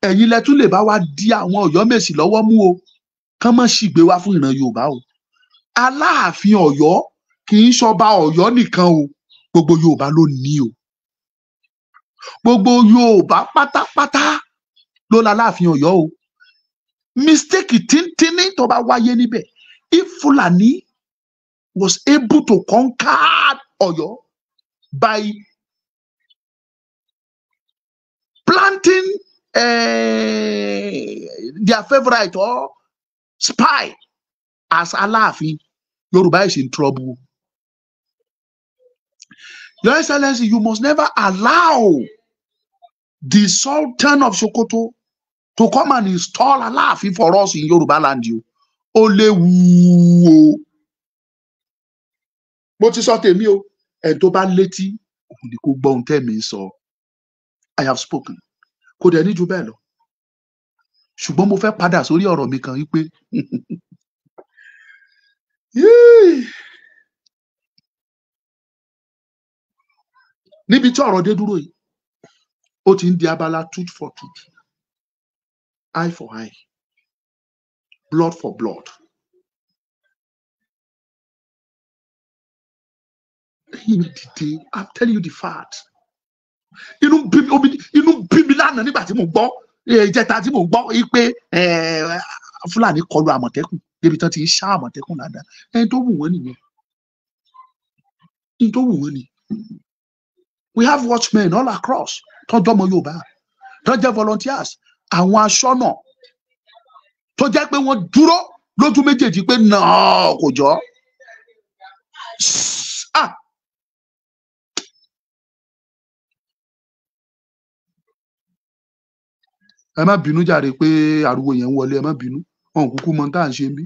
ẹ̀yin lẹ tún lè bá wa di àwọn Ọ̀yọ́ Mèsì lọ́wọ́ mú o kán mọ́ sì gbé wá fún ìran Yorùbá o Aláàfin Ọ̀yọ́ kì í ṣọba Ọ̀yọ́ nìkan o gbogbo Yorùbá ló ní o gbogbo Yorùbá pátápátá ló la Aláàfin Ọ̀yọ́ o mistake tíntínní tó bá wáyé níbẹ̀ if was able to conquer Oyo by planting uh, their favorite or spy as Aláàfin Yorùbá is in trouble. Your Excellency, you must never allow the Sultan of Sokoto to come and install Aláàfin for us in Yorùbá land. You ó mo ti sọ tèmi o ẹni tó bá létí òun ni kó gbọ́ ohun tẹ́mi sọ i have spoken kò dẹ̀ ní ju bẹ́ẹ̀ lọ ṣùgbọ́n mo fẹ́ padà sórí ọ̀rọ̀ mi kan wípé níbi tí ọ̀rọ̀ dé dúró yìí ó ti ń di abala tooth for tooth eye for eye blood for blood. telling you i'm telling you the fact inú bí mi inú bí mi lánàá nígbà tí mo gbọ́ eh, ìjẹta tí mo gbọ́ pé eh, fúlàní kọlu àmọ̀tẹ́kùn débi tán ti ń ṣá àmọ̀tẹ́kùn dáadáa ẹni tó wù wọ́n nìyẹn ẹni tó wù wọ́n ni we have watchmen all across tọ́jú ọmọ yorùbá tó jẹ́ volunteers àwọn aṣọ́nà tó jẹ́ pé wọ́n dúró lójú méjèèjì pé náà kò jọ́ ẹ má bínú jàre pé ariwo yẹn ń wọlé ẹ má bínú wọn kúkú mọ tá à ń ṣe ń bí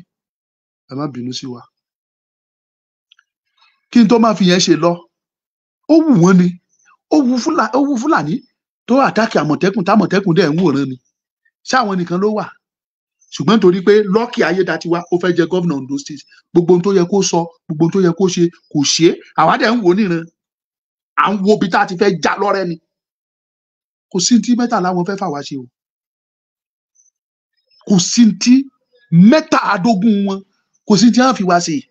ẹ má bínú sí wa. kí n tó máa fi yẹn ṣe lọ ó wù wọ́n ni ó wu fúlàní tó àtàkì àmọ̀tẹ́kùn támọ̀tẹ́kùn dẹ̀ ń wòran ni ṣáwọn nìkan ló wà ṣùgbọ́n nítorí pé lọ́ọ̀kì ayédatiwa ó fẹ́ jẹ gómìnà Ondo state gbogbo ohun tó yẹ kó sọ gbogbo ohun tó yẹ kó ṣe kò ṣe àwa dẹ̀ ń wò níran à ń wo ibi tá a ti fẹ́ já lọ́rẹ́ ni kò sí ti mẹ́ta láwọn fẹ́ fà wá ṣe o kò sí ti mẹ́tàádógún wọn kò sí ti hàn fi wá sí i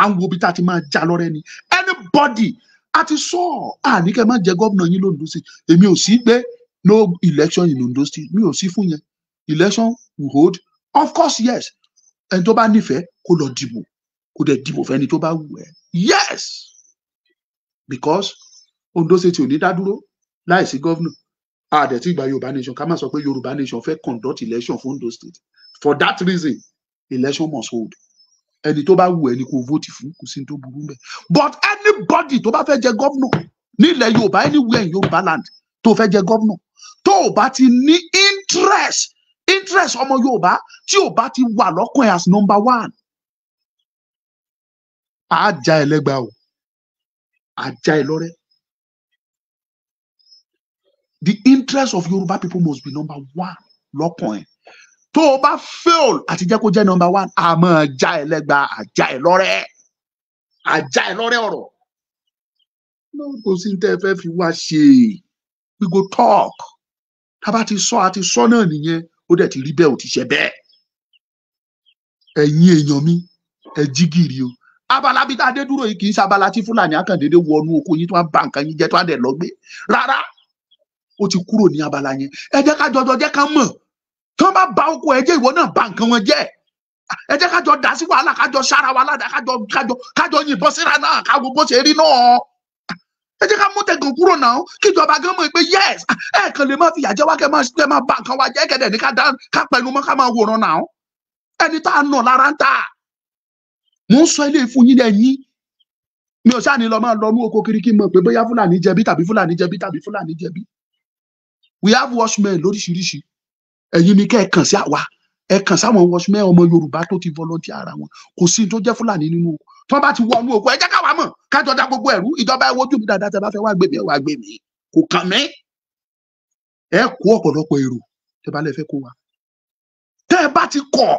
à ń wo ibi tá a ti máa já lọ́rẹ́ ni anybody a ti sọ ọ́ àníkẹ́ má jẹ́ gómìnà yín lóńdó sí èmi ò sí gbé no election in Ondo State mi ò sí fún yẹn election we hold of course yes ẹni tó bá nífẹ̀ẹ́ kó lọ dìbò kó dẹ̀ dìbò fẹ́ni tó bá wù ẹ́ yes because Ondo State ò ní dá dúró láìsí gómìnà àdẹ̀tí ìgbà yorùbá nation ká má sọ pé yorùbá nation fẹ́ conduct election fún Ondo state for that reason election must hold ẹni tó bá wù ẹni kò vote fún kò sí ní tó burú mbẹ but anybody tó bá fẹ́ jẹ governor nílẹ̀ yorùbá anywhere in yorùbá land tó fẹ́ jẹ governor tó o bá ti ní interest interest ọmọ yorùbá tí o bá ti wà lọ́kàn ẹ̀ as number one àá já ẹ lẹ́gbàá o àá já ẹ lọ́rẹ́ the interest of Yoruba people must be number one lọ́kàn ẹ̀ tó o bá fail àti jẹ́ kó jẹ́ number one a máa já ẹ lẹ́gba àjá ẹ lọ́rẹ́ àjá ẹ lọ́rẹ́ ọ̀rọ̀ kò sí tẹ́ ẹ fẹ́ fi wá ṣe we go talk tábà ti sọ àti sọ náà nìyẹn ó dẹ̀ ti rí bẹ́ẹ̀ ò ti ṣe bẹ́ẹ̀ ẹ̀yin èèyàn mi ẹ jí gìrì o abala bí tá a dé dúró yìí kì í ṣe abala tí fúlàní akàndéédé wọnú oko yín tó wá bà nǹkan yín jẹ́ tó wá dẹ̀ lọ gbé rárá ó ti kúrò ní abala yẹn ẹ jẹ́ ká jọjọ jẹ́ ká mọ̀ tí wọ́n bá ba oko ẹ jẹ́ ìwọ náà ba nǹkan wọn jẹ́ ẹ jẹ́ ká jọ dá sí wàhálà ká jọ sára wa ládàá ká jọ ká jọ yìnbọn síra náà ká gbogbo ṣe rí náà ẹ jẹ́ ká mú kúrò náà kíjọba gan mọ̀ pé yes ẹ kàn lè máa fìyà jẹ wá kẹ́ máa ba nǹkan wa jẹ́ kẹ́dẹ̀ ní ká pẹnu mọ́ ká máa wòran náà ẹni tá a nà lára ń tà mò ń sọ ilé ìfún yín lẹ́yìn mi ò sáà ní lọ máa lọ mú oko kiri kí n mọ̀ pé bóyá fúlàní jẹ̀bi tàbí fúlàní jẹ̀bi tàbí fúlàní jẹ̀bi we have watchmen lóríṣiríṣi ẹ̀yin ni kẹ́ ẹ kàn sí àwa ẹ kàn sáwọn watchmen ọmọ Yorùbá tó ti volunteer ara wọn kò sí tó jẹ́ Fúlàní nínú tí wọ́n bá ti wọnú oko ẹ jẹ́ káwa mọ̀ kájọ da gbogbo ẹ̀rú ìjọba ẹ wojú mi dáadáa tẹ bá fẹ́ wá gbèmí ẹ wá gbèmí kò kàn mí ẹ kó ọ̀pọ̀lọpọ̀ èrò tẹ bá lè fẹ́ kó wa tẹ ẹ bá ti kọ̀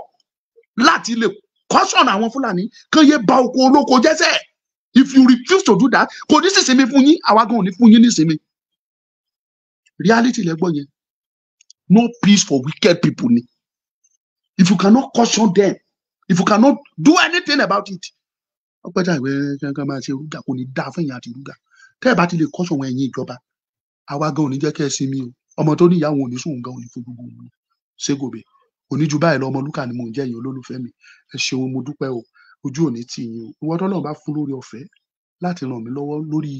láti lè kọ́sọ̀nà àwọn Fúlàní kan yé ba oko olóko jẹ́sẹ̀ if you refuse to do that kò ní sísinmi fún yín àwa gan ò ní fún yín nísinmi reality lẹ́gbọ́ yẹn no peace for wicked people ni if you cannot caution them if you cannot do anything about it ọgbẹ́jà ìwé kankan máa ṣe rúgà kò ní dáa fún ìyá àti rúgà tẹ́ ẹ bá ti lè caution wọn ẹ̀yìn ìjọba àwa gan ò ní jẹ́ kẹ́ ẹ sinmi o ọmọ tó ní ìyá wọn ò ní sùn gan ò ní fojú gbogbo wọn ségobe oníjú báyìí lọ Ọmọlúkà ni mò ń jẹ́ yín olólùfẹ́ mi ẹ ṣeun mo dúpẹ́ o ojú òní tì yín o ìwọ tọ́lọ́run bá fún lórí ọ̀fẹ́ láti ràn mí lọ́wọ́ lórí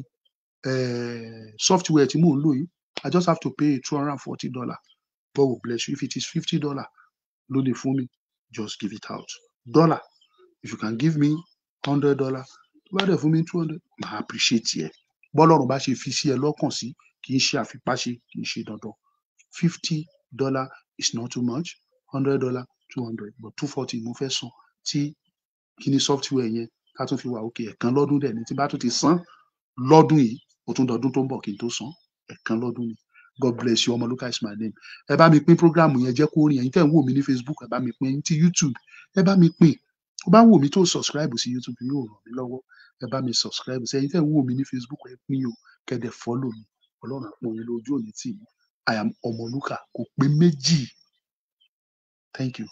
eh, software tí mò ń lò yìí I just have to pay two hundred forty dollar. God will bless you. If it is fifty dollar, lóde for me. just give it out. Dollar, if you can give me hundred dollar, tó for me two hundred, I appreciate yẹ. Bọ́lọ́run bá ṣe fi sí ẹ lọ́kàn sí, kì í ṣe àfipáṣe, kì í ṣe dandan. Fifty dollar is not too much, hundred dollar, two hundred, but two forty mo fẹ́ san tí kíní software yẹn ká tún fi wà okay. Can Lord do that? tí about to ti son? Lord do ó tún dọdún do ń bọ̀ kí n tó ẹ̀kan lọ́dún ni god bless you ọmọlúkà is my name ẹ bá mi pín program yẹn jẹ́ kó rìn ẹ̀yin tẹ́ ń wò mí ní facebook ẹ bá mi pín ti youtube ẹ bá mi pín ó bá wò mí tó subscribe sí youtube yóò ràn mí lọ́wọ́ ẹ bá mi subscribe sí ẹ̀yin tẹ́ ń wò mí ní facebook ẹ pín o kẹ́dẹ̀ follow mi ọlọ́run àpò mi lójú òní tì mí i am ọmọlúkà kò pé méjì thank you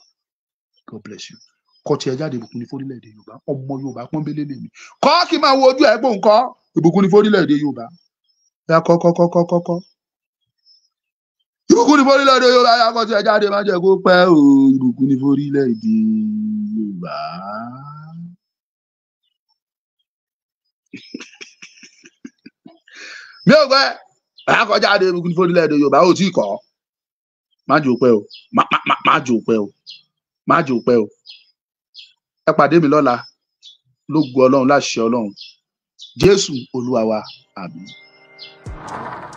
god bless you kọ tiẹ̀ jáde ìbùkún ní fórílẹ̀-èdè yorùbá ọmọ yorùbá pọ́nbélé lèmi kọ́ kí n máa wo ojú ẹ̀ gbòǹkọ́ ìbùkún ní fórílẹ̀-èdè yorùbá kọ́kọ́kọ́kọ́kọ́. ìbùkún ní forílẹ̀-èdè Yorùbá yà kọ́ sí ẹ jáde má jẹ́ kó pẹ́ o ìbùkún ní forílẹ̀-èdè Yorùbá. mi ò pẹ́ bàá kọjá adé ìbùkún ní forílẹ̀-èdè Yorùbá ò tí ì kọ́ má jò pẹ́ o má jò pẹ́ o má jò pẹ́ o ẹ pàdé mi lọ́la lógo Ọlọ́run láṣẹ Ọlọ́run Jésù Olúwa wa àmín. Thank you.